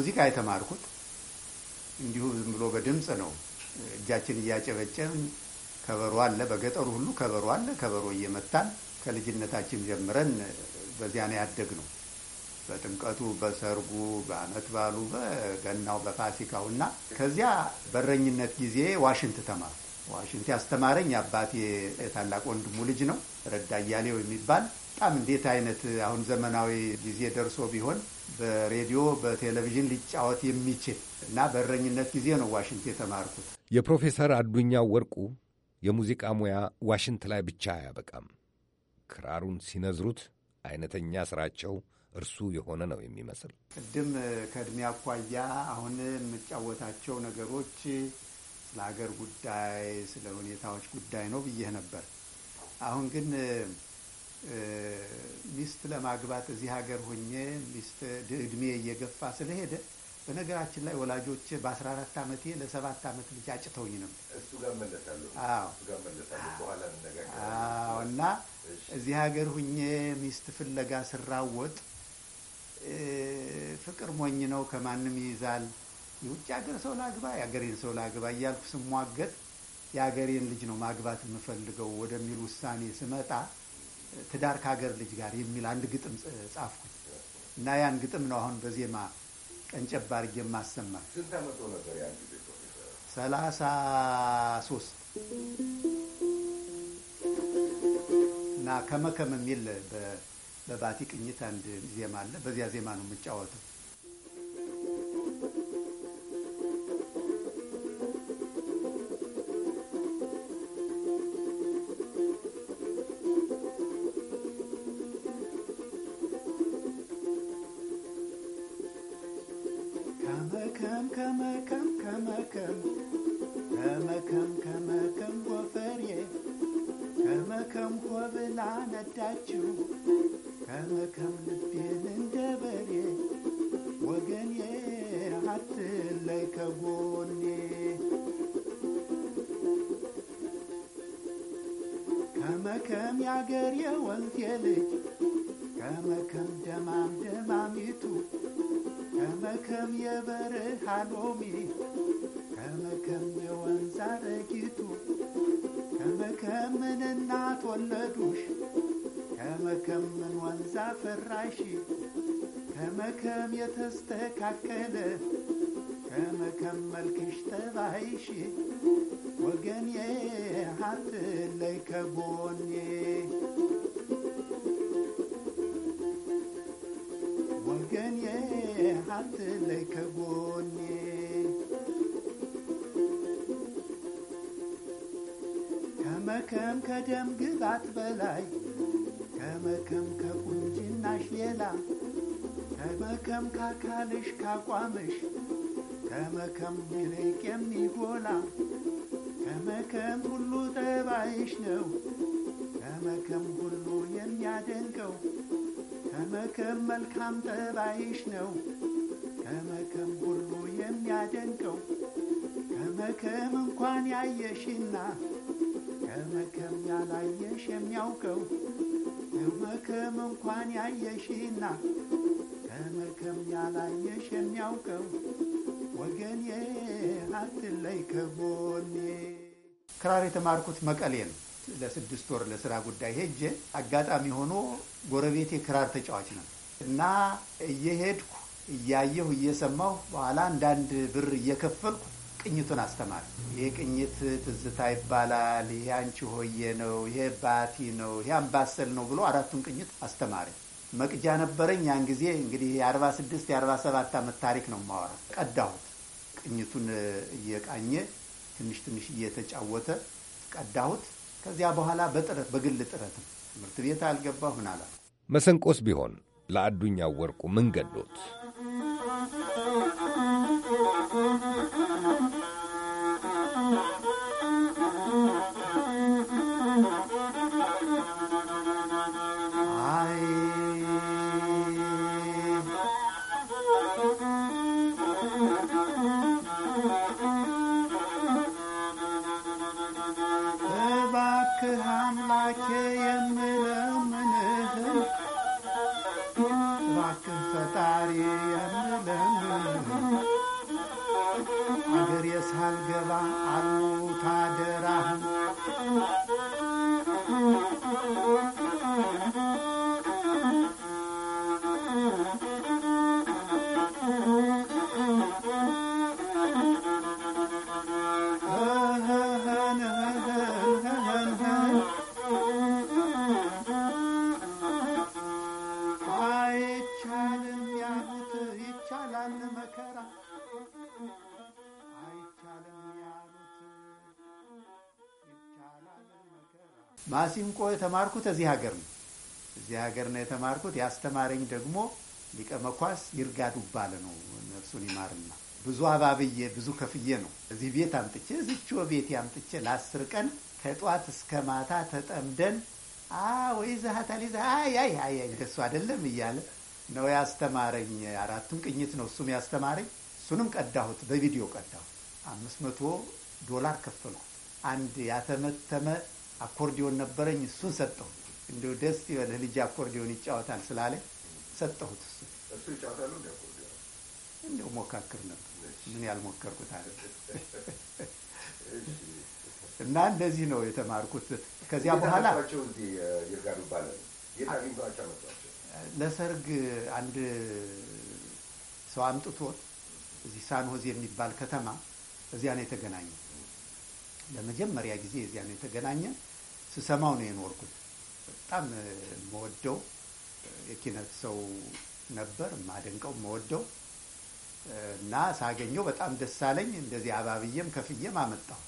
ሙዚቃ የተማርኩት እንዲሁ ዝም ብሎ በድምፅ ነው። እጃችን እያጨበጨብን ከበሮ አለ፣ በገጠሩ ሁሉ ከበሮ አለ። ከበሮ እየመታን ከልጅነታችን ጀምረን በዚያ ነው ነው። በጥምቀቱ፣ በሰርጉ፣ በአመት በዓሉ፣ በገናው፣ በፋሲካው እና ከዚያ በረኝነት ጊዜ ዋሽንት ተማርኩ። ዋሽንት ያስተማረኝ አባቴ የታላቅ ወንድሙ ልጅ ነው፣ ረዳ እያሌው የሚባል በጣም እንዴት አይነት አሁን ዘመናዊ ጊዜ ደርሶ ቢሆን በሬዲዮ በቴሌቪዥን ሊጫወት የሚችል እና በረኝነት ጊዜ ነው ዋሽንት የተማርኩት። የፕሮፌሰር አዱኛው ወርቁ የሙዚቃ ሙያ ዋሽንት ላይ ብቻ አያበቃም። ክራሩን ሲነዝሩት አይነተኛ ስራቸው እርሱ የሆነ ነው የሚመስል። ቅድም ከእድሜ አኳያ አሁን የምጫወታቸው ነገሮች ስለ ሀገር ጉዳይ፣ ስለ ሁኔታዎች ጉዳይ ነው ብዬህ ነበር። አሁን ግን ሚስት ለማግባት እዚህ ሀገር ሆኜ ሚስት እድሜ እየገፋ ስለሄደ በነገራችን ላይ ወላጆች በአስራ አራት ዓመቴ ለሰባት ዓመት ልጅ አጭተውኝ ነው። እሱ ጋር መለሳለሁ። አዎ እና እዚህ ሀገር ሁኜ ሚስት ፍለጋ ስራወጥ ፍቅር ሞኝ ነው፣ ከማንም ይይዛል። የውጭ ሀገር ሰው ላግባ፣ የሀገሬን ሰው ላግባ እያልኩ ስሟገጥ የሀገሬን ልጅ ነው ማግባት የምፈልገው ወደሚል ውሳኔ ስመጣ ትዳር ከሀገር ልጅ ጋር የሚል አንድ ግጥም ጻፍኩኝ እና ያን ግጥም ነው አሁን በዜማ ቀንጨባር አድርጌ የማሰማ። ሰላሳ ሶስት እና ከመከም የሚል በባቲ ቅኝት አንድ ዜማ አለ። በዚያ ዜማ ነው የምጫወተው። ባይሽ ወገኔ አትለይ ከጎኔ ወገኔ አትለይ ከጎኔ ከመከም ከደም ግባት በላይ ከመከም ከቁንጅናሽ ሌላ ከመከም ካካልሽ ካቋምሽ ከመከም ይልቅ የሚጎላ ከመከም ሁሉ ጠባይሽ ነው ከመከም ሁሉ የሚያደንቀው ከመከም መልካም ጠባይሽ ነው ከመከም ሁሉ የሚያደንቀው ከመከም እንኳን ያየሽና ከመከም ያላየሽ የሚያውቀው ከመከም እንኳን ያየሽና ከመከም ያላየሽ የሚያውቀው ወገኔ አትለይ ከጎኔ። ክራር የተማርኩት መቀሌ ነው። ለስድስት ወር ለስራ ጉዳይ ሄጄ አጋጣሚ ሆኖ ጎረቤቴ ክራር ተጫዋች ነው እና እየሄድኩ እያየሁ እየሰማሁ በኋላ አንዳንድ ብር እየከፈልኩ ቅኝቱን አስተማሪ። ይሄ ቅኝት ትዝታ ይባላል፣ ይሄ አንቺ ሆዬ ነው፣ ይሄ ባቲ ነው፣ ይሄ አምባሰል ነው ብሎ አራቱን ቅኝት አስተማሪ። መቅጃ ነበረኝ ያን ጊዜ እንግዲህ የ46 የ47 ዓመት ታሪክ ነው ማወራ ቀዳሁት። ቅኝቱን እየቃኘ ትንሽ ትንሽ እየተጫወተ ቀዳሁት። ከዚያ በኋላ በጥረት በግል ጥረት ትምህርት ቤት አልገባ ሁን አላት። መሰንቆስ ቢሆን ለአዱኛ ወርቁ ምን ገዶት እባክህ አምላኬ የምለምንህ እባክህ ፈጣሪ የምለምንህ አገር የሳልገባ አሉ ታደራህን ማሲንቆ የተማርኩት እዚህ ሀገር ነው። እዚህ ሀገር ነው የተማርኩት። ያስተማረኝ ደግሞ ሊቀ መኳስ ይርጋ ዱባለ ነው። ነፍሱን ይማርና ብዙ አባብዬ ብዙ ከፍዬ ነው እዚህ ቤት አምጥቼ እዚችዎ ቤት አምጥቼ ለአስር ቀን ከጠዋት እስከ ማታ ተጠምደን ወይ ዛሀታል ዛ አይ አይ እንደሱ አይደለም እያለ ነው ያስተማረኝ። አራቱን ቅኝት ነው እሱም ያስተማረኝ። እሱንም ቀዳሁት፣ በቪዲዮ ቀዳሁት። አምስት መቶ ዶላር ከፍሏል። አንድ ያተመተመ አኮርዲዮን ነበረኝ፣ እሱን ሰጠሁ። እንዲሁ ደስ ይበልህ ልጅ አኮርዲዮን ይጫወታል ስላለ ሰጠሁት። እሱ ይጫወታሉ እንደው ሞካክር ነበር። ምን ያልሞከርኩት አለ እና እንደዚህ ነው የተማርኩት። ከዚያ በኋላ ለሰርግ አንድ ሰው አምጥቶ እዚህ ሳንሆዝ የሚባል ከተማ እዚያ ነው የተገናኘ። ለመጀመሪያ ጊዜ እዚያ ነው የተገናኘ። ስሰማው ነው የኖርኩት። በጣም መወደው የኪነት ሰው ነበር ማደንቀው መወደው እና ሳገኘው በጣም ደስ አለኝ። እንደዚህ አባብዬም ከፍዬም አመጣው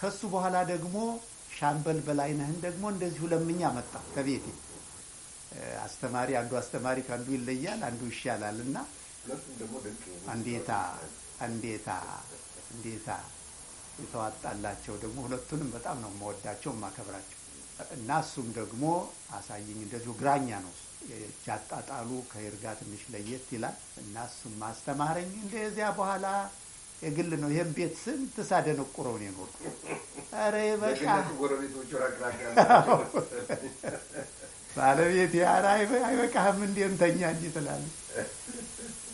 ከሱ በኋላ ደግሞ ሻምበል በላይነህን ደግሞ እንደዚሁ ለምኝ አመጣ ከቤቴ። አስተማሪ አንዱ አስተማሪ ከአንዱ ይለያል፣ አንዱ ይሻላል እና እንዴታ እንዴታ እንዴታ የተዋጣላቸው ደግሞ ሁለቱንም በጣም ነው የምወዳቸው የማከብራቸው እና እሱም ደግሞ አሳይኝ እንደዚሁ ግራኛ ነው ጃጣጣሉ ከይርጋ ትንሽ ለየት ይላል እና እሱም ማስተማረኝ እንደዚያ በኋላ የግል ነው። ይህም ቤት ስንት ሳደነቁረውን የኖርኩ ኧረ በቃ ባለቤት ያር አይበቃህም እንደምተኛ እንጂ ትላለች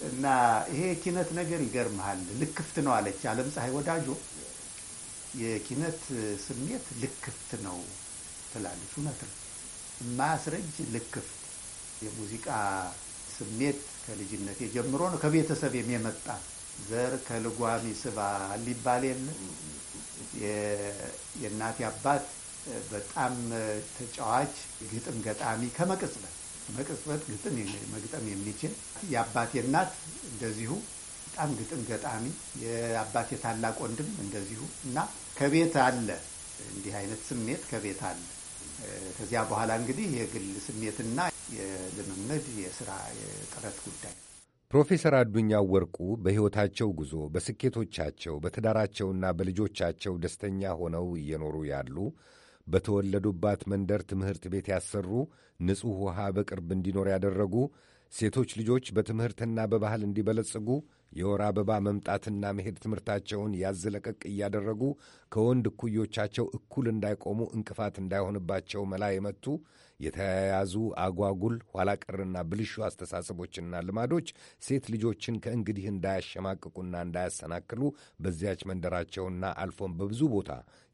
እና ይሄ ኪነት ነገር ይገርምሃል ልክፍት ነው አለች አለም ፀሐይ ወዳጆ የኪነት ስሜት ልክፍት ነው ትላለች። እውነት ነው፣ የማያስረጅ ልክፍት። የሙዚቃ ስሜት ከልጅነት ጀምሮ ነው ከቤተሰብ የመጣ ዘር ከልጓም ይስባል ይባል የለ። የእናቴ አባት በጣም ተጫዋች ግጥም ገጣሚ ከመቅጽበት መቅጽበት ግጥም መግጠም የሚችል የአባቴ እናት እንደዚሁ በጣም ግጥም ገጣሚ፣ የአባቴ ታላቅ ወንድም እንደዚሁ እና ከቤት አለ እንዲህ አይነት ስሜት ከቤት አለ። ከዚያ በኋላ እንግዲህ የግል ስሜትና የልምምድ የስራ የጥረት ጉዳይ ነው። ፕሮፌሰር አዱኛ ወርቁ በሕይወታቸው ጉዞ፣ በስኬቶቻቸው፣ በትዳራቸውና በልጆቻቸው ደስተኛ ሆነው እየኖሩ ያሉ በተወለዱባት መንደር ትምህርት ቤት ያሰሩ፣ ንጹሕ ውሃ በቅርብ እንዲኖር ያደረጉ፣ ሴቶች ልጆች በትምህርትና በባህል እንዲበለጽጉ የወር አበባ መምጣትና መሄድ ትምህርታቸውን ያዝ ለቀቅ እያደረጉ ከወንድ እኩዮቻቸው እኩል እንዳይቆሙ እንቅፋት እንዳይሆንባቸው መላ የመቱ የተያያዙ አጓጉል ኋላቀርና ብልሹ አስተሳሰቦችና ልማዶች ሴት ልጆችን ከእንግዲህ እንዳያሸማቅቁና እንዳያሰናክሉ በዚያች መንደራቸውና አልፎም በብዙ ቦታ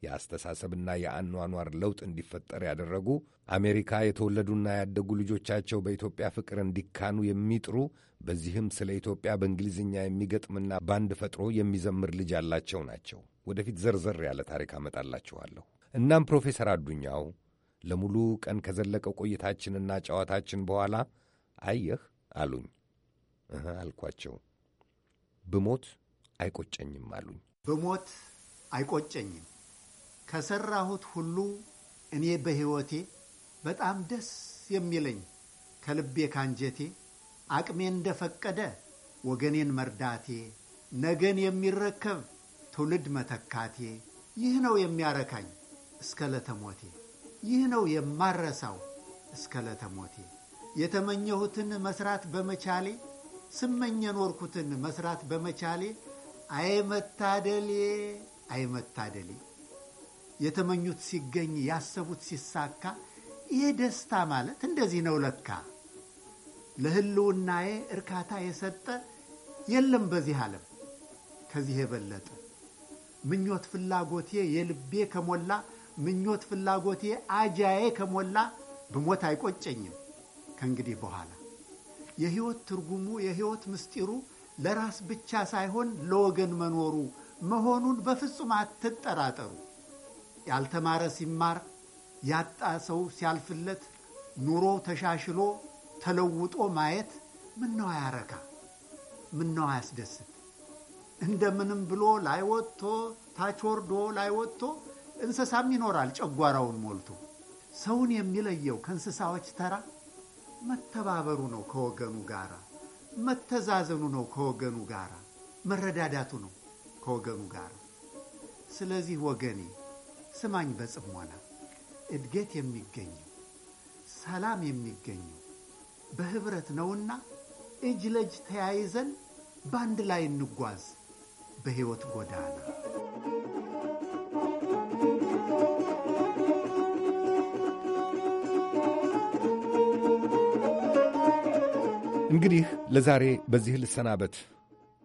የአስተሳሰብና የአኗኗር ለውጥ እንዲፈጠር ያደረጉ አሜሪካ የተወለዱና ያደጉ ልጆቻቸው በኢትዮጵያ ፍቅር እንዲካኑ የሚጥሩ በዚህም ስለ ኢትዮጵያ በእንግሊዝኛ የሚገጥምና ባንድ ፈጥሮ የሚዘምር ልጅ ያላቸው ናቸው። ወደፊት ዘርዘር ያለ ታሪክ አመጣላችኋለሁ። እናም ፕሮፌሰር አዱኛው ለሙሉ ቀን ከዘለቀው ቆይታችንና ጨዋታችን በኋላ አየህ አሉኝ። አልኳቸው። ብሞት አይቆጨኝም አሉኝ። ብሞት አይቆጨኝም። ከሠራሁት ሁሉ እኔ በሕይወቴ በጣም ደስ የሚለኝ ከልቤ ካንጀቴ አቅሜ እንደፈቀደ ወገኔን መርዳቴ፣ ነገን የሚረከብ ትውልድ መተካቴ፣ ይህ ነው የሚያረካኝ እስከ ለተሞቴ። ይህ ነው የማረሳው እስከ ለተሞቴ። የተመኘሁትን መስራት በመቻሌ ስመኝ የኖርኩትን መስራት በመቻሌ አይመታደሌ አይመታደሌ። የተመኙት ሲገኝ ያሰቡት ሲሳካ ይህ ደስታ ማለት እንደዚህ ነው ለካ። ለህልውናዬ እርካታ የሰጠ የለም በዚህ ዓለም ከዚህ የበለጠ ምኞት ፍላጎቴ የልቤ ከሞላ ምኞት ፍላጎቴ አጃዬ ከሞላ ብሞት አይቆጨኝም ከእንግዲህ በኋላ የህይወት ትርጉሙ የህይወት ምስጢሩ ለራስ ብቻ ሳይሆን ለወገን መኖሩ መሆኑን በፍጹም አትጠራጠሩ። ያልተማረ ሲማር፣ ያጣ ሰው ሲያልፍለት፣ ኑሮ ተሻሽሎ ተለውጦ ማየት ምን ነው አያረካ፣ ምን ነው አያስደስት። እንደምንም ብሎ ላይ ወጥቶ ታች ወርዶ ላይ ወጥቶ እንስሳም ይኖራል ጨጓራውን ሞልቶ። ሰውን የሚለየው ከእንስሳዎች ተራ መተባበሩ ነው ከወገኑ ጋራ፣ መተዛዘኑ ነው ከወገኑ ጋራ፣ መረዳዳቱ ነው ከወገኑ ጋራ። ስለዚህ ወገኔ ስማኝ በጽሞና እድገት የሚገኘው ሰላም የሚገኘው በህብረት ነውና እጅ ለእጅ ተያይዘን በአንድ ላይ እንጓዝ በሕይወት ጎዳና። እንግዲህ ለዛሬ በዚህ ልሰናበት።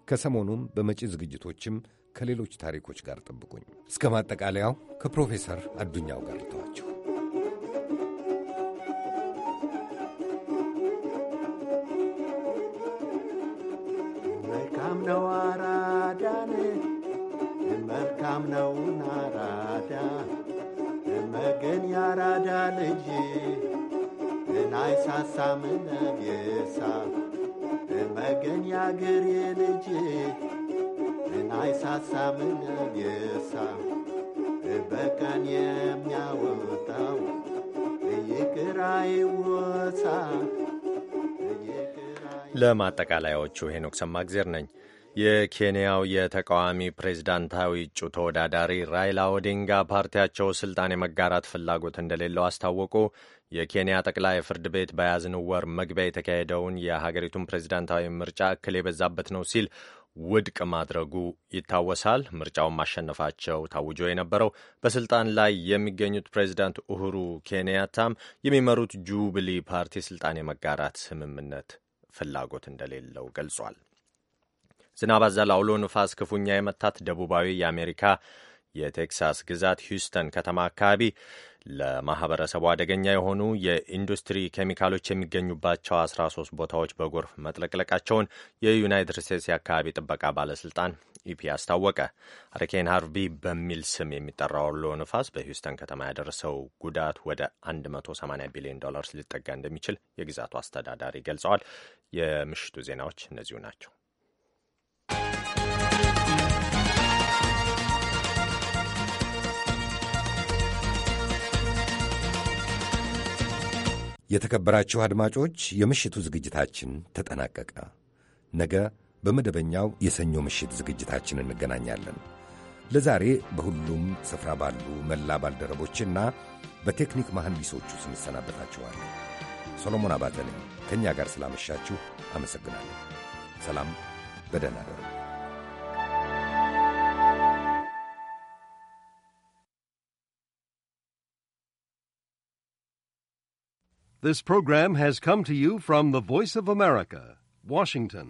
ከሰሞኑም በመጪ ዝግጅቶችም ከሌሎች ታሪኮች ጋር ጠብቁኝ። እስከ ማጠቃለያው ከፕሮፌሰር አዱኛው ጋር ተዋቸው። ነው አራዳን መልካም ነው አራዳ እመግን ያራዳ ልጅ እናይሳሳም ነብሳ እመግን ያገሬ ልጅ እናይሳሳም ነብሳ በቀን የሚያወጣው ይቅራይወሳ ለማጠቃለያዎቹ ሄኖክ ሰማግዜር ነኝ። የኬንያው የተቃዋሚ ፕሬዝዳንታዊ እጩ ተወዳዳሪ ራይላ ኦዲንጋ ፓርቲያቸው ስልጣን የመጋራት ፍላጎት እንደሌለው አስታወቁ። የኬንያ ጠቅላይ ፍርድ ቤት በያዝነው ወር መግቢያ የተካሄደውን የሀገሪቱን ፕሬዝዳንታዊ ምርጫ እክል የበዛበት ነው ሲል ውድቅ ማድረጉ ይታወሳል። ምርጫውን ማሸነፋቸው ታውጆ የነበረው በስልጣን ላይ የሚገኙት ፕሬዚዳንት ኡሁሩ ኬንያታም የሚመሩት ጁብሊ ፓርቲ ስልጣን የመጋራት ስምምነት ፍላጎት እንደሌለው ገልጿል። ዝናብ አዘል አውሎ ንፋስ ክፉኛ የመታት ደቡባዊ የአሜሪካ የቴክሳስ ግዛት ሂውስተን ከተማ አካባቢ ለማህበረሰቡ አደገኛ የሆኑ የኢንዱስትሪ ኬሚካሎች የሚገኙባቸው 13 ቦታዎች በጎርፍ መጥለቅለቃቸውን የዩናይትድ ስቴትስ የአካባቢ ጥበቃ ባለስልጣን ኢፒ አስታወቀ። ሀሪኬን ሃርቪ በሚል ስም የሚጠራው አውሎ ንፋስ በሂውስተን ከተማ ያደረሰው ጉዳት ወደ 180 ቢሊዮን ዶላርስ ሊጠጋ እንደሚችል የግዛቱ አስተዳዳሪ ገልጸዋል። የምሽቱ ዜናዎች እነዚሁ ናቸው። የተከበራችሁ አድማጮች፣ የምሽቱ ዝግጅታችን ተጠናቀቀ። ነገ በመደበኛው የሰኞ ምሽት ዝግጅታችን እንገናኛለን። ለዛሬ በሁሉም ስፍራ ባሉ መላ ባልደረቦችና በቴክኒክ መሐንዲሶቹ ስንሰናበታችኋለን። ሰሎሞን አባተ ነኝ። ከእኛ ጋር ስላመሻችሁ አመሰግናለሁ። ሰላም፣ በደህና ደሩ። This program has come to you from the Voice of America, Washington.